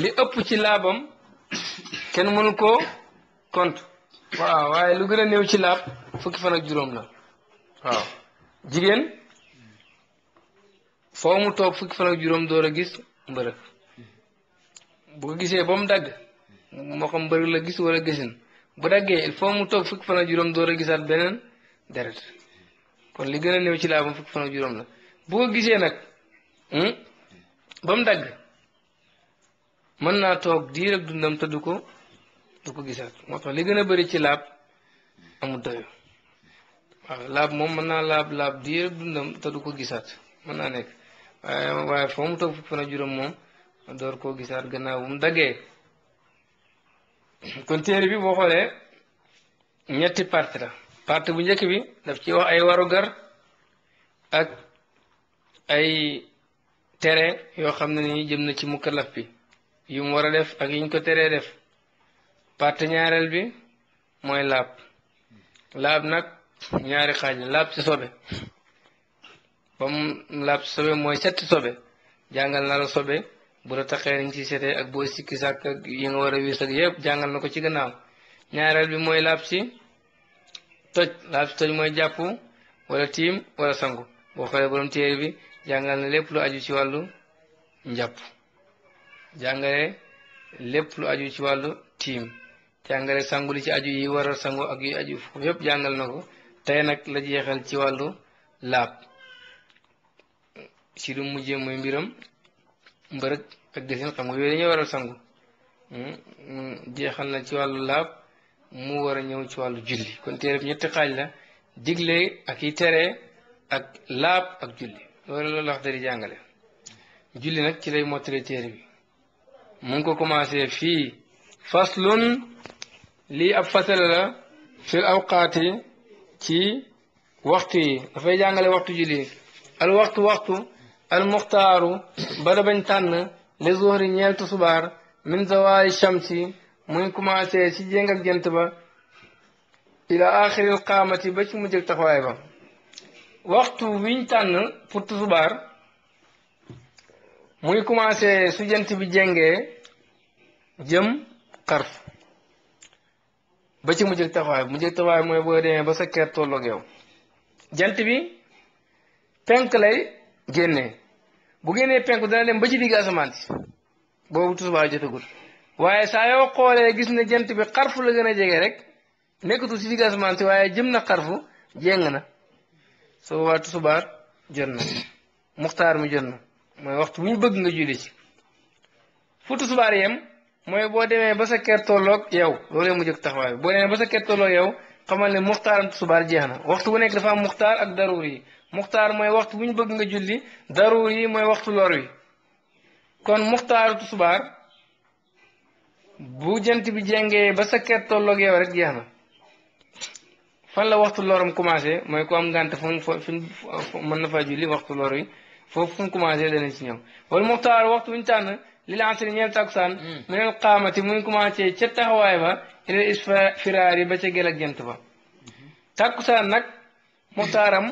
li ëpp ci laabam kenn mënu koo compte waaw waaye lu gën a néew ci laab fukki fan juróom la waaw jigéen foo mu toog fukki fan ak juróom door a gis mbërëg bu ko gisee ba mu dagg moo xam mbërëg la gis wala gisin bu daggee il mu toog fukki fan juróom door a gisaat beneen deret kon li gën a ci laabam fukki fan juróom la boo gisee nag hmm, ba mu dagg mën naa toog diir dundam te ko ko gisaat moo li gën a bëri ci laab amul doyo waaw laab moom mën naa laab laab diir ak dundam te du ko gisaat mën naa nekk waaye waaye mu toog fukki fan juróom moom door koo gisaat gannaaw bu mu daggee kon téere bi boo xoolee ñetti partie la partie bu njëkk bi daf ci wax ay warugar ak ay tere yoo xam ne ni jëm na ci mukallaf bi yu war a def ak yiñ ko teree def partie ñaareel bi mooy laab laab nag ñaari xaaj la laab ci sobe ba laab ci sobe mooy setti sobe jàngal na la sobe bu la taxee nañ ci seetee ak booy sikki yi nga war a wiis ak yëpp jàngal na ko ci gannaaw ñaareel bi mooy laab si toj laab si toj mooy jàpp wala tiim wala sangu boo xoolee borom téere bi jàngal na lépp lu aju ci wàllu njàpp jàngale lépp lu aju ci wàllu tiim jàngale sangu ci aju yi war a sangu ak yi aju foofu yëpp jàngal na ko tey nag la jeexal ci wàllu laab si lu mujjee mooy mbiram mbërëg a gisin xam nga yooyu dañuy waral sangu hmm? Hmm, jeexal na ci wàllu laab mu war a ñëw ci wàllu julli kon téereb ñetti xaaj la digle ak yi tere ak laab ak julli loolu loolu wax dari jàngale julli nag ci lay mottale téere bi mu ngi ko commencé fii faslun lii ab fasala la fil awqaati ci waxtu yi dafay jàngale waxtu julli al waxtu waxtu almuxtaaru bada bañ tànn li zuhri ñeel tusubaar min zawaay shamsi muy commencé ci jéng ak jant ba ila axiril qaamati ba ci mujjëg taxawaay ba waxtu wiñ tànn pour tusubaar muy commencé su jant bi jéngee jëm xarf ba ci mu mujjëg taxawaay mu mujjëg taxawaay mooy boo demee ba sa ker tolloog jant bi penk lay génnee bu génnee penku dana dem ba ci digg asamaan si boobu tusubaar jotagul waaye saa yoo xoolee gis ne jant bi xarfu la gën a jege rek nekkatul ci digg asamaan waaye jëm na xarfu jéng na soo boobaa tusubaar jot na muxtaar mooy waxtu bu ñu bëgg nga julli ci fu tusubaar yem mooy boo demee ba sa ker tolloog yow loolu mu jóg taxawaay boo demee ba sa ker tolloog yow xamal ne muxtaaram tusubaar jeex na waxtu bu nekk dafa am muxtaar ak daruri muxtaar mooy waxtu bu ñu bëgg nga julli daruur yi mooy waxtu lor wi kon muxtaaru tusubaar bu jant bi jengee ba sa ket tolloog rek jeex na fan la waxtu loram commencé mooy ku am ngànt fu mu fu mën na faa julli waxtu lor wi foofu fu mu commencé dana ci ñëw wala muxtaaru waxtu bu ñu tànn li la ansari ñeel takusaan mm. mu neen xaamati muy ca taxawaay ba ilal isfiraar yi ba ca gel ak jant ba mm-hmm. nag muxtaaram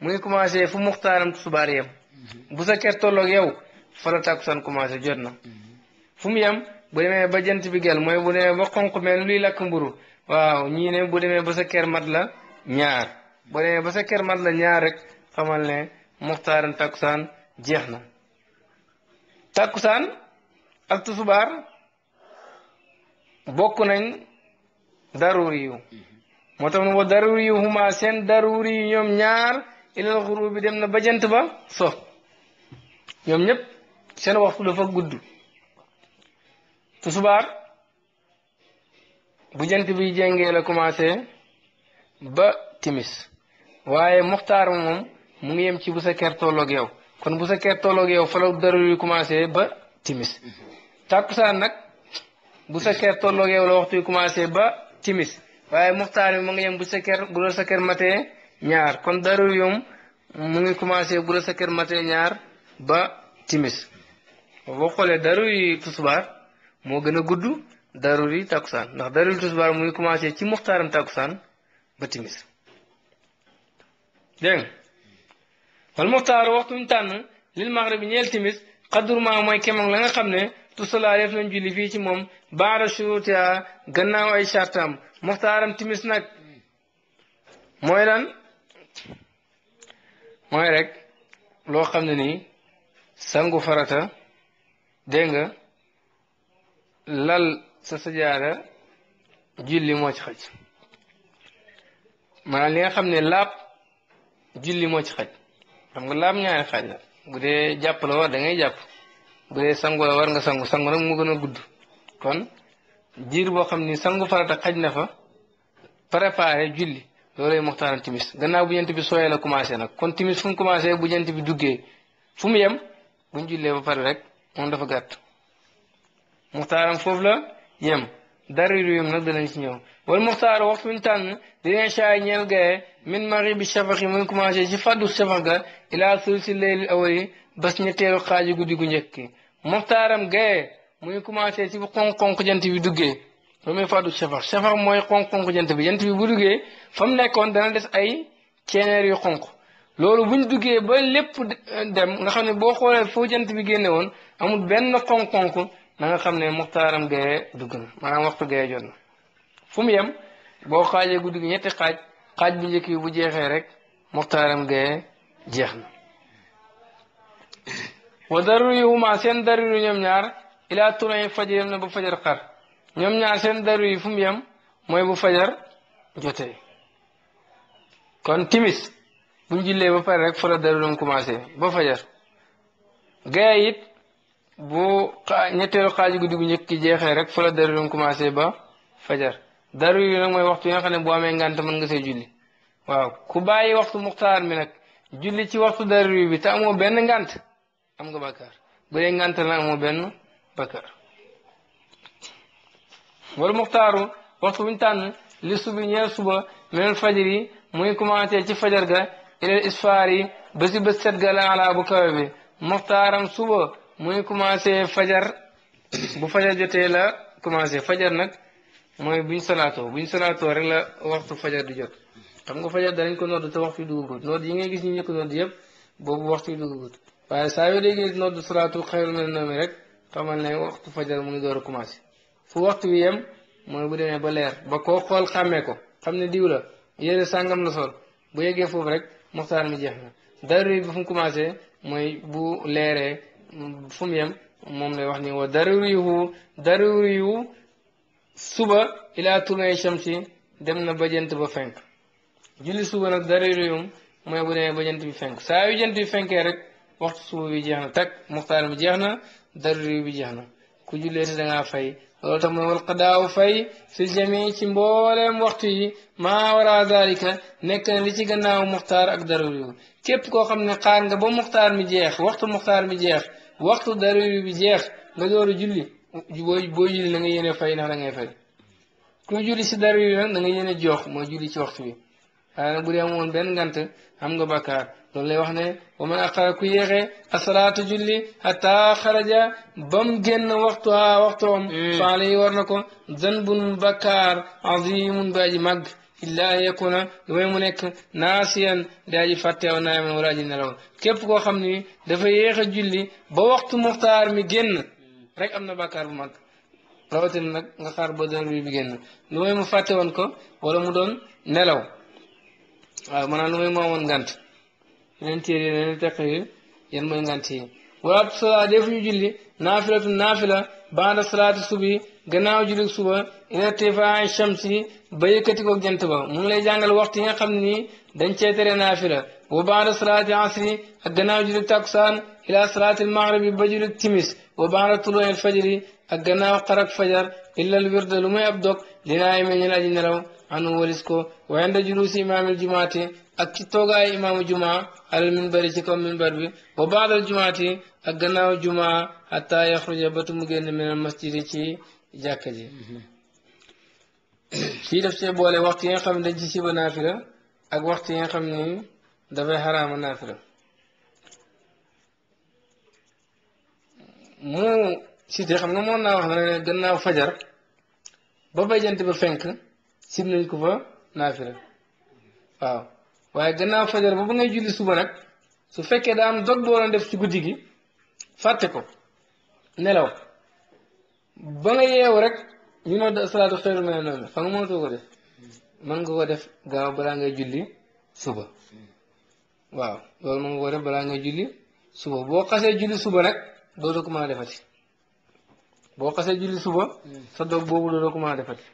mu ngi commencé fu muxtaaram subaar yem mhm. bu sa ker tolloog yow fa la tàkkusaan commencé jot na mhm. fu mu yem bu demee ba jant bi gel mooy bu demee ba xonq mel luy lakk mburu waaw ñii bu demee ba sa ker mat la ñaar bu demee ba sa ker mat la ñaar rek xamal ne muxtaaram tàkkusaan jeex na tàkkusaan ak tusubaar bokk nañ daruri mhm. moo tax ne wa daruri huma seen daruri ñaar ilal xuru bi dem na ba jant ba so ñoom ñëpp seen waxtu dafa gudd tusubaar bu jant bi jengee la commencé ba timis waaye muxtaar moom mu ngi yem ci bu sa ker tolloog yow kon bu sa ker tolloog yow fa la daruri commencé ba timis tàkkusaan nag bu sa ker tolloog yow la waxtu yi ba timis waaye muxtaar bi mu ngi yem bu sa ker bu la sa matee ñaar kon darul yom mu ngi commencé bu la sa ñaar ba timis boo xoolee darul yi tusbaar moo gën a gudd darul yi takkusaan ndax darul tusbaar mu ngi commencé ci muxtaaram takkusaan ba timis dégg wal muxtaar waxtu ñu tànn lil maghrib ñeel timis xaddur ma mooy kemoog la nga xam ne tusalaa def nañ julli fii ci moom baara shurutiha gannaaw ay chartam muxtaaram timis nag mooy lan mooy rek loo xam ne nii sangu farata dégg nga lal sa sajaada julli moo ci xaj maanaam li nga xam ne laab julli moo ci xaj xam nga laab ñaari xaj la bu dee jàpp la war da jàpp bu dee sangu la war nga sangu sangu nag mu gën a gudd kon jiir boo xam ni sangu farata xaj na fa préparé julli loolay muxtaanal timis gannaaw bu jant bi sooyee la commencé nag kon timis fu mu commencé bu jant bi duggee fu mu yem buñ jullee ba pare rek moom dafa gàtt muxtaaram foofu la yem dariru yem nag danañ ci ñëw wala muxtaar waxtu wi ñu tànn dinañ caay ñeel gaye min maribi shafaq yi muy commencé ci faddu shafaq ga ilaa sulusi leylil awali bas ñetteelu xaaju guddi gu njëkk muxtaaram gaye muy commencé si bu xonq-xonq jant bi duggee moom du safar safar mooy xonq-xonq jant bi jant bi bu duggee fa mu nekkoon dana des ay ceeneer yu xonq loolu buñ duggee ba lépp dem nga xam ne boo xoolee foo jant bi génne woon amul benn xonq-xonq na nga xam ne moxtaram gee dugg na maanaam waxtu gee jot na fu mu yem boo xaajee guddi gi ñetti xaaj xaaj bu njëkk bu jeexee rek moxtaram gee jeex na wa daruri huma seen daruri ñoom ñaar ilaa turan fajar na ba fajar xar ñoom ñaar seen daru yi fu mu yem mooy bu fajar jotee kon timis buñ jullee ba pare rek fa la daru doon commencé ba fajar gaye it bu ñetteelu xaaju guddi gu njëkk ki jeexee rek fa la daru doon commencé ba fajar daru yi nag mooy waxtu yi xam ne boo amee ngànt mën nga see julli waaw ku bàyyi waxtu muxtaar mi nag julli ci waxtu daru bi te amoo benn ngant am nga bakkaar bu dee ngànt nag amoo benn bakkaar wala muxtaaru waxtu wuñ tànn li subi ñeel suba minal yi muy commencé ci fajar ga ilal isfaar yi ba si bët set ga la ala bu kawe bi muxtaaram suba muy commencé fajar bu fajar jotee la commencer fajar nag mooy buñ salaatoo buñ salaatoo rek la waxtu fajar di jot xam nga fajar danañ ko nodd te waxtu yi dugugut nodd yi ngay gis ñu ñëkk nodd yëpp boobu waxtu yi dugugut waaye saa yoo dégg nit nodd salaatu xayrun mina nawmi rek xamal ne waxtu fajar mu commencé fu waxtu wi yem mooy bu demee ba leer ba koo xool xàmmee ko xam ne diw la yére sàngam la sol bu yeggee foofu rek muxtaar mu jeex na daruri bi fu mu commencé mooy bu leeree fu mu yem lay wax ni wa darurihu daruriyu suba ilaa tournée shamsi dem na ba jant ba fenk julli suba nag daruriyum mooy bu demee ba bi fenk saa yu jant rek waxtu suba bi jeex na takk bi jeex na ku jullee si da ngaa fay loolu tax mu ne wal qadaaw fay fi jami ci mboolem waxtu yi maa wara zalika nekk na li ci gannaaw muxtaar ak daruri képp koo xam ne xaar nga ba muxtaar mi jeex waxtu muxtaar mi jeex waxtu daruri bi jeex nga dooru julli boo boo julli na nga yéene fay ndax da ngay fay ku julli si daruri nag da nga yéene jox mooy julli ci waxtu wi waaye nag bu dee amoon benn ngant am nga bàkkaar loolu lay wax ne wa man aqara asalaatu julli hatta xaraja ba mu waxtu ha waxtoom mm. fa alayhi war na ko zanbun bakkaar azimun baaji màgg illaa yakuna damay mu nekk naasiyan daa ji fàtteew naayaman wala ji nelaw képp koo xam ni dafa yéex a julli ba waxtu muxtaar mi génn rek am na bakkaar bu mag rawatina nag nga xaar ba dër bi génn lu may mu fàtte woon ko wala mu doon nelaw waaw maanaam lu may mu ngant yeneen téere yeneen taqrir yan mooy ngànt yi walaatu salaa defu ñu julli naafilatu naafila baada salaati subi gannaaw julli suba ina tifaa shamsi ba yëkkati ko jant ba mu ngi lay jàngal waxtu yi nga xam ni dañ cee tere naafila wa baada salaati asri ak gannaaw julli takusaan ila salaati almaghribi ba julli timis wa baada tuluu alfajri ak gannaaw xarak fajar illa al wirda lu muy ab dog dinaa yemee ñu anu walis wa inda julusi imaamil jumaati ak ci toogaayu imaamu juma alal minbari ci kaw minbar bi wa baadal jumaati ak gannaaw juma hatta yaxruja batu mu génn minal masjidi ci jàkka ji. fii daf see boole waxtu yi nga xam ne dañ ci siba naafila ak waxtu yi nga xam ne dafay xaraama naafila mu xam nga moom naa wax ne gannaaw fajar ba bay jant ba fenk sib nañ ko fa naafila waaw. waaye gannaaw fajar ba ba ngay julli suba nag su fekkee daa am dog boo doon def si guddi gi fàtte ko nelaw ba nga yeewu rek ñu noo salaatu xeeru mel noonu fa nga ko def mën nga ko def gaaw balaa ngay julli suba waaw loolu mën nga ko def balaa ngay julli suba boo xasee julli suba nag dootoo ko mën a defati boo xasee julli suba sa dog boobu dootoo ko ma a defati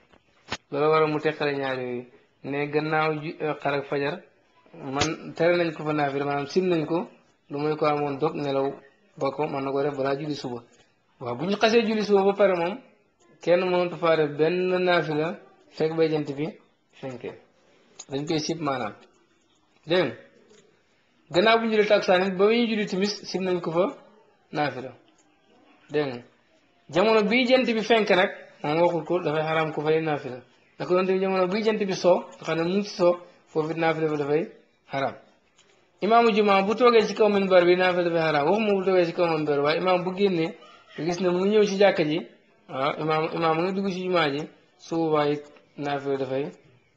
loolu waral mu teqale ñaar yooyu ne gannaaw xarak fajar man tere nañ ko fa naafila maanaam sim nañ ko lu mooy ko amoon dog nelaw ba ko mën na ko def balaa julli suba waaw bu ñu xasee julli suba ba pare moom kenn mënatu faa def benn naafila fekk bay jant bi fenkee koy sib bu ñu julli takkusaan ba ñu julli timis sim nañ ko fa naafila dégg jamono bii jant bi fenk rek moom waxul ko dafay xaraam ko fay naafila naka doon tamit jamono bii jant bi soo nga xam ne mu ngi soo foofu it fa dafay xaram imaamu juma bu toogee ci kaw minbar bi naafila dafay xaram waxuma bu toogee ci waaye imaam bu génnee nga gis ne mu ñëw ci jàkk ji waaw ah, imaam imaam mu dugg ci jumaa ji su boobaa it naafila dafay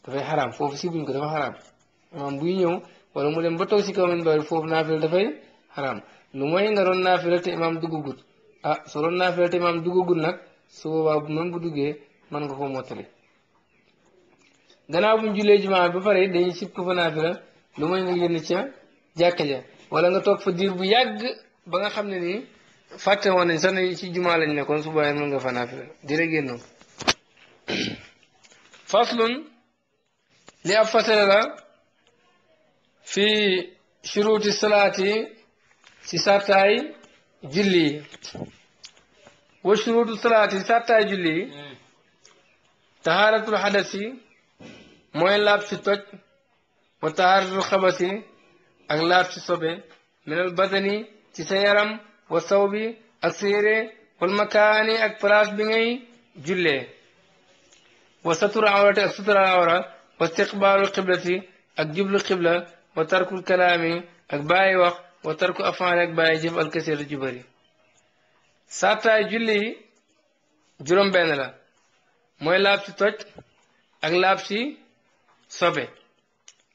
dafay xaram foofu si buñ ko dafa xaram imaam buy ñëw wala mu dem ba toog ci kaw minbar bi foofu naafila dafay xaram lu mooy nga doon naafila te imaam duggagut ah soo doon naafila te imaam duggagut nag su boobaa même bu duggee mën nga ko mottali gannaaw bu mu jumaa bi ba pare dañuy sib ko fa naafila lu mooy nga génn ca jàkka ja wala nga toog fa diir bu yàgg ba nga xam ne nii fàtte woon nañ sax ne ci jumaa lañ nekkoon su bàyyi mën nga fa naafila dina génnoon faslun li ab fasale la fi shuruti salaati ci sartaay julli yi wa shurutu salaati sartaay julli hmm. tahaaratul xadasi mooy laab si toj wa taharatu xabasin ak laab ci sobe minal badani ci sa yaram wa saw bi ak sa yére wal makaani ak place bi ngay jullee wa satur awrati ak sutura awra wa istiqbaalu qiblati ak jublu qibla wa tarkul kalaami ak bàyyi wax wa tarku afaani ak bàyyi jëf alkaseeru ju bëri sartaay julli juróom benn la mooy laab ci toj ak laab sobe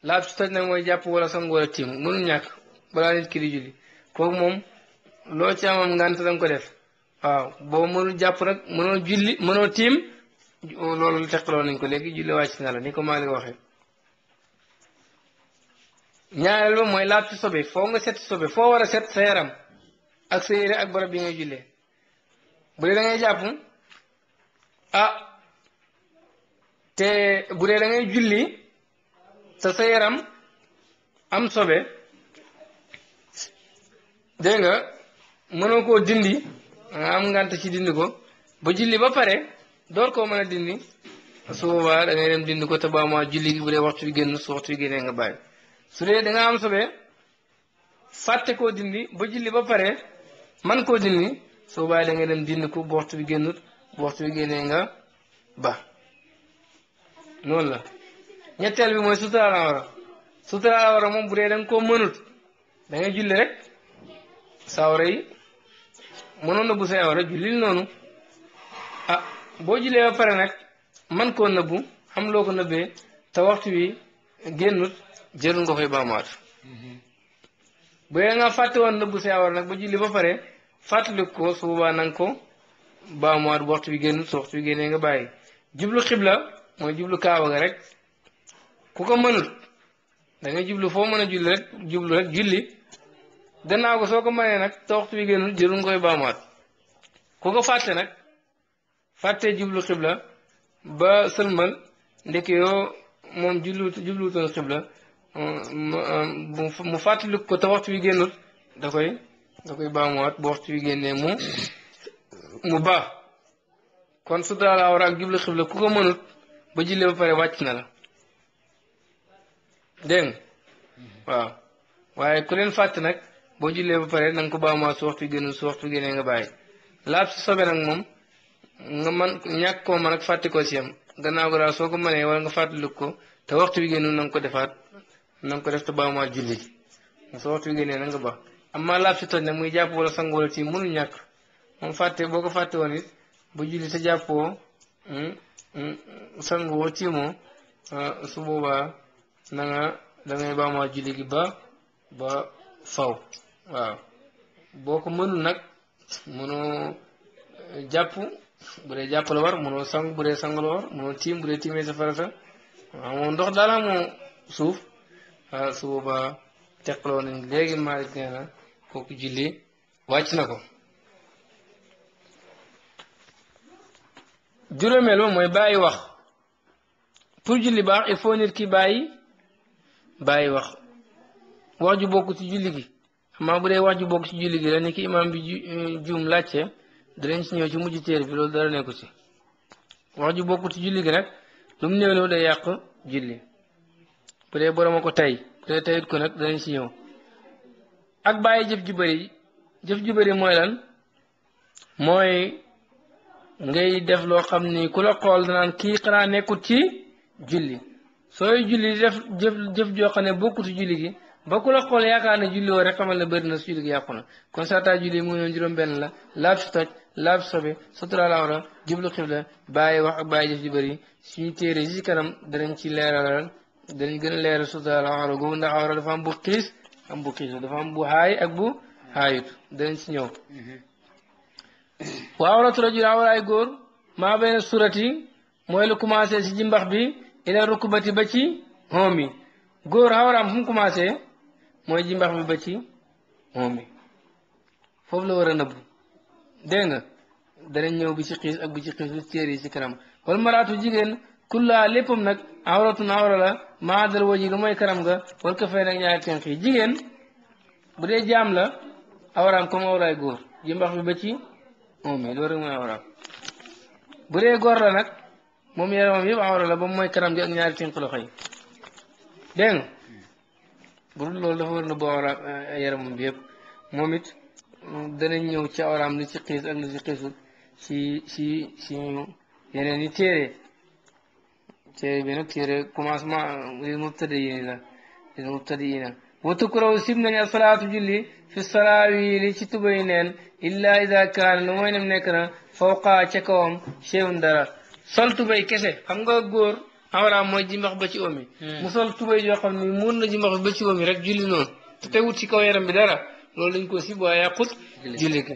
laab su toj nag mooy jàpp wala sangu wala tiim mënu ñàkk balaa nit ki di julli kooku moom loo ci amoon ngànt danga ko def boo mënul jàpp rek mënoo julli mënoo tiim loolu teqaloo nañ ko léegi julli wàcc na la ni ko Maalik waxee ñaareel ba mooy laab ci sobe foo nga set sobe foo war a set sa yaram ak sa ak barab bi ngay jàpp ah te da ngay julli te sa yaram am sobe dégg nga mënoo koo dindi nga am ngànt ci dindi ko ba julli ba pare door koo mën a dindi su boobaa da ngay dem dindi ko te ba julli bu dee waxtu bi génn su waxtu bi nga bàyyi su dee am sobe fàtte koo dindi ba julli ba pare man koo dindi su boobaa da ngay dem dindi ko bu waxtu bi génnut bu waxtu bi génnee nga ba noonu la ñetteel bi mooy suturaal awra suturaal awra moom bu dee danga nga koo mënut da julli rek sa yi mënoon nëbbu sa awra jullil noonu ah boo jullee ba pare nag man koo nëbbu xam loo ko nëbbee te waxtu wi génnut jërul nga koy baamaat bu fàtte woon nëbbu sa awra nag ba julli ba pare fàttaliku ko su boobaa na nga ko baamaat bu waxtu wi génnut su waxtu wi génnee nga bàyyi jublu xibla mooy jublu kaaba ga rek ku ko mënut da jublu foo mën a julli rek jublu rek julli gannaaw ko soo ko mënee nag te waxtu bi génnul jëru nga koy baamuwaat ku ko fàtte nag fàtte jublu xibla ba sëlmal ndekk yoo moom jubluwut jubluwutoon mu fàttali ko te waxtu bi génnul koy da koy génnee mu mu baax kon su daal awra ak jublu xibla ku ko mënut ba jullee ba pare wàcc na la dégg nga waaw waaye ku leen fàtte nag boo jullee ba pare nang nga ko baamaa su waxtu génn su waxtu génnee nga bàyyi laab si sobe nag moom nga man ñàkk koo man ak fàtte ko si yam gannaaw soo ko mënee wala nga fàttali ko te waxtu wi génn na ko defaat nang ko def te baamaa julli su waxtu wi génnee na nga baa amma laab si toj muy jàpp wala sangu wala ci mënul ñàkk moom fàtte boo ko fàtte woon it bu julli sa jàppoo hmm, hmm, sangu woo tiimoo ah, su boobaa na nga da ngay baamaa julli gi ba ba faw waaw boo ko mënul nag mënoo eh, jàpp bu dee jàpp la war mënoo sang bu dee la war mënoo tiim bu tiimee sa farata waaw moom ndox daala moo suuf ah su boobaa teqaloo nañ léegi Maalik nee na kooku julli wàcc na ko juróomeel ba mooy bàyyi wax pour julli baax il faut nit ki bàyyi bàyyi wax wax ju bokk ci julli gi amaa bu dee wax ju bokk ci julli gi la ni ki imaam bi euh, juum laajte si ñëw ci mujj téer bi loolu dara nekku ci wax ju bokk ci julli gi nag lu mu néew day yàq julli bu dee borom a ko tey bu dee teyit ko nag danañ si ñëw ak bàyyi jëf ju ju bëri mooy lan ngay def loo xam ni ku la xool nekkut ci julli sooy julli def jëf jëf joo xam ne bokkut julli gi ba ku la xool yaakaar ne julli woo rek xamal ne bëri na su julli gi yàqu la laab si toj laab si sobe soturaal awra jublu xibla wax ak bàyyi jëf ji bëri suñu téere si kanam danañ ci leeralal danañ gën a leeral soturaal awra googu ndax am bu xiis am bu xiis dafa am bu haay ak bu haayut danañ si ñëw wa awratu rajul surati mooy lu commencé si jimbax bi ila rukubati ba ci xoom góor xawaraam fu mu commencé mooy jimbax bi ba ci xoom foofu la war a nëbbu dégg nga danañ ñëw bi ci xiis ak bi ci xiis lu téer yi ci kanam wala maraatu jigéen kullaa léppam nag awratun na la maadal waji lu mooy karam nga wal ka fay nag ñaari tenq yi jigéen bu dee jaam la awraam comme awraay góor jimbax bi ba ci xoom yi mooy awraam bu dee góor nag moom yaramam yëpp awra la ba mooy kanam gi ak ñaari tënk loxo yi dégg nga bu dul loolu dafa war eh, yëpp moom it danañ ñëw ci awraam li ci xiis ak ci xiisul si si si yeneen yi téere téere bi nag téere commencement lil mubtadiina la lil mubtadiina wa tukrahu sib nañ julli fi saraawili ci tubay illa ida kaan lu mooy nekk na fawqa ca kawam cheyun dara sol tubay kese xam nga góor awraam mooy jimbax ba ci oom yi hmm. mu sol tubay yoo xam ni muur na jimbax ba ci oom yi rek julli noonu te teewut ci kaw yaram bi dara loolu dañ ko si boo yàqut julli ka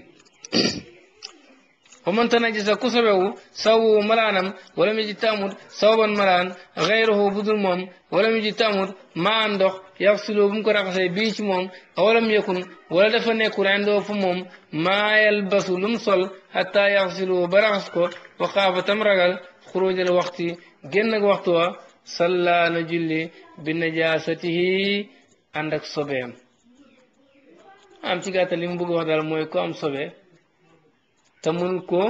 faman tanajasa ku sobewu sawwu malaanam wala mu ji tamut sawban malaan xayruhu budul moom wala mu ji tamut maan ndox yàq suloo bu ko raxasee bii ci moom awalam yakun wala dafa nekkul indoo fa moom maa yalbasu lu mu sol xataa yàq suloo raxas ko waxaaba tam ragal xurujal waxti génn waxtu wa salla na julli bi najaasatihi ànd ak sobeem am ci gàttal li mu bëgg wax daal mooy ko am sobe te mun ko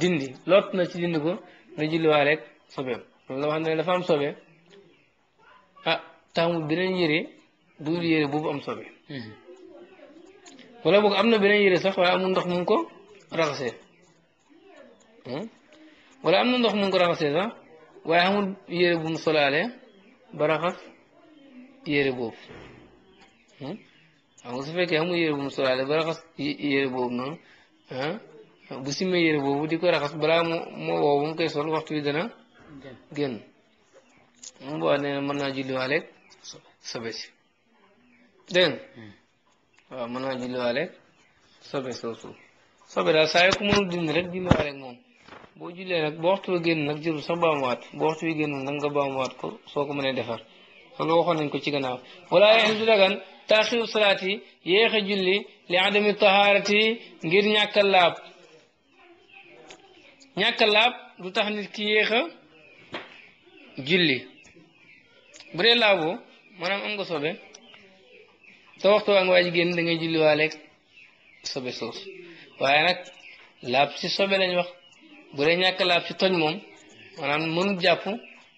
dindi lott na ci dindi ko na julli waa rek sobeem loolu la wax ne dafa am sobe ah taamul beneen yére duul yére boobu am sobe wala boog am na beneen yére sax waaye amul ndox mu ko raxasee ولا am na ndox mu ngi ko raxasee sax waaye amul yére bu mu solaale ba raxas yére boobu xam nga su fekkee amul yére bu mu solaale ba raxas yére boobu noonu bu simmee yére boobu di ko raxas balaa mu moo woo ba mu koy sol waxtu bi dana génn moom boo nee na mën naa julliwaaleeg sobe si dégg waaw mën naa julliwaaleeg sobe soosu sobe daal saa yu ko mënul dindi rek julliwaaleeg moom boo jullee nag boo waxtu ba génn nag jëru sax baamuwaat boo waxtu bi génnoon nag nga baamuwaat ko soko ko mënee defar loolu waxon nañ ko ci gannaaw wala yaxin du dagan taaxiru salati yeexa julli li adami taharati ngir ñàkk a laab ñàkk du tax nit ki yeexa julli bu dee laabo maanaam am nga sobe te waxtu nga waji génn da ngay julli walek sobe sos waye nak laab ci sobe lañ wax bu dee ñàkk laab ci toj moom maanaam mënul jàpp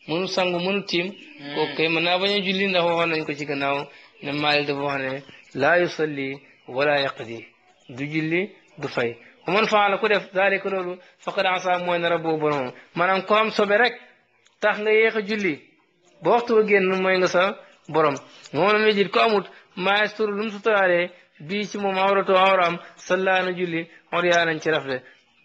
mënul sangu mënul tiim hmm. kooku kay mën na bañ a julli ndax waxoon nañ ko ci gannaaw ne Maalik dafa wax ne laa yusalli wala yaqdi du julli du fay bu man faala ku def zaalika loolu faqad asaa mooy na rabbu borom maanaam ko am sobe rek tax nga yéex a julli ba waxtu ba génn mooy nga sa borom moom la muy jël ko amut maesturu lu mu suturaalee bii ci moom awratoo awraam sallaa julli xor nañ ci rafle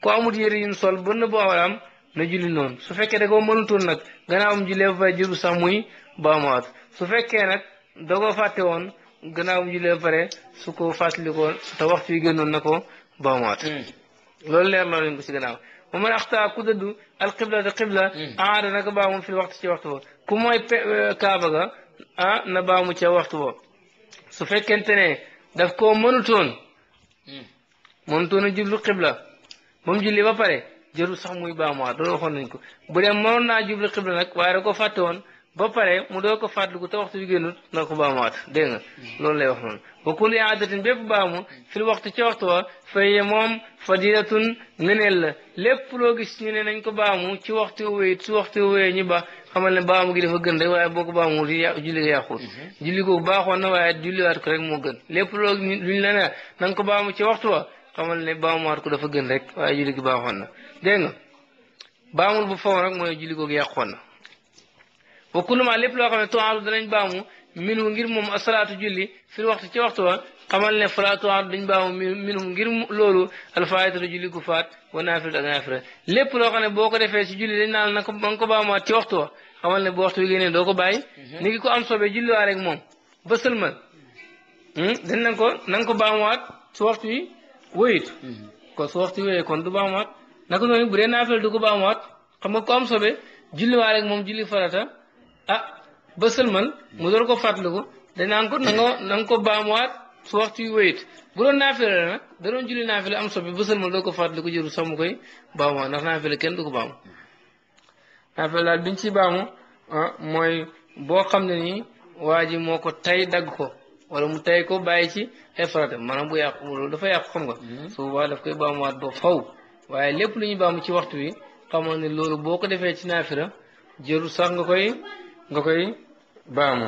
ku amul yëre yu sol ba nëbbu awraam na julli noonu su fekkee da koo mënutoon nag gannaawam jullee ba pare jëru sax muy baamuwaat su fekkee nag da fàtte woon gannaawam jullee ba pare su ko fàttalikoo te waxtu yi gënoon na ko baamuwaat. Hmm. loolu leer na lañ ko si ku dëddu alqibla te qibla. aada naka baamu fi waxtu ci waxtu ku mooy e, kaaba ga ah na baamu ca waxtu ba su fekkente ne daf koo mënutoon hmm. mënutoon a jublu qibla. moom julli ba pare jërul sax muy baamuwaat loolu waxoon nañ ko bu dee mënoon naa jublu xibla nag waaye da ko fàtte woon ba pare mu doo ko fàttaliku te waxtu bi génnut na ko baamuwaat dégg nga loolu wa kulli aadatin bépp baamu fil waxtu ca waxtu wa la lépp loo gis ñu ne nañ ko baamu ci waxtu wéy su waxtu wéy ñu ba xamal ne baamu gi dafa gën waaye boo ko baamuwul julli nga yàquut mhm. julli ko baaxoon na waaye julliwaat ko rek moo gën lépp loo la ne na ko baamu ci waxtu wa xamal ne baamuwaat ko dafa gën rek waaye julli gi baaxoon na nga baamul bu faw rek mooy julli googu yàqoon na wa kullu ma lépp loo xam ne tuwaaru danañ baamu minu ngir moom asalaatu julli fil waxtu ci waxtu wa xamal ne fala tuwaaru dañ baamu minu ngir loolu alfaayatatu julli gu faat wa naafila ak naafila lépp loo xam ne boo ko defee si julli dañ naan na ko ko baamuwaat ci waxtu wa xamal ne bu waxtu wi génnee wóyut hmm. ko su waxtu wéyee kon du baamuwaat naka noonu bu dee naafel du ko baamuwaat xam ko am sobe julliwaale ak moom julli farata ah ba sëlmal mu door ko fàttaliku dañ naan ko na nga na nga ko baamuwaat su waxtu wi wéyut bu doon naafel la nag da doon julli naafel am sobe ba sëlmal doo ko fàttaliku jëru sax mu koy baamuwaat ndax naafel kenn du ko baamu naafel daal biñ ci baamu ah, mooy boo xam ne nii waa ji moo ko tay dagg ko wala mu tay ko bàyyi efrata maanaam bu yàqu loolu dafa yàqu xam nga hmm. su boobaa daf koy waat doo faw waaye lépp lu ñuy baamu ci waxtu wi bi xamoon ne loolu boo ko defee ci naafira jëru sax nga koy nga koy baamu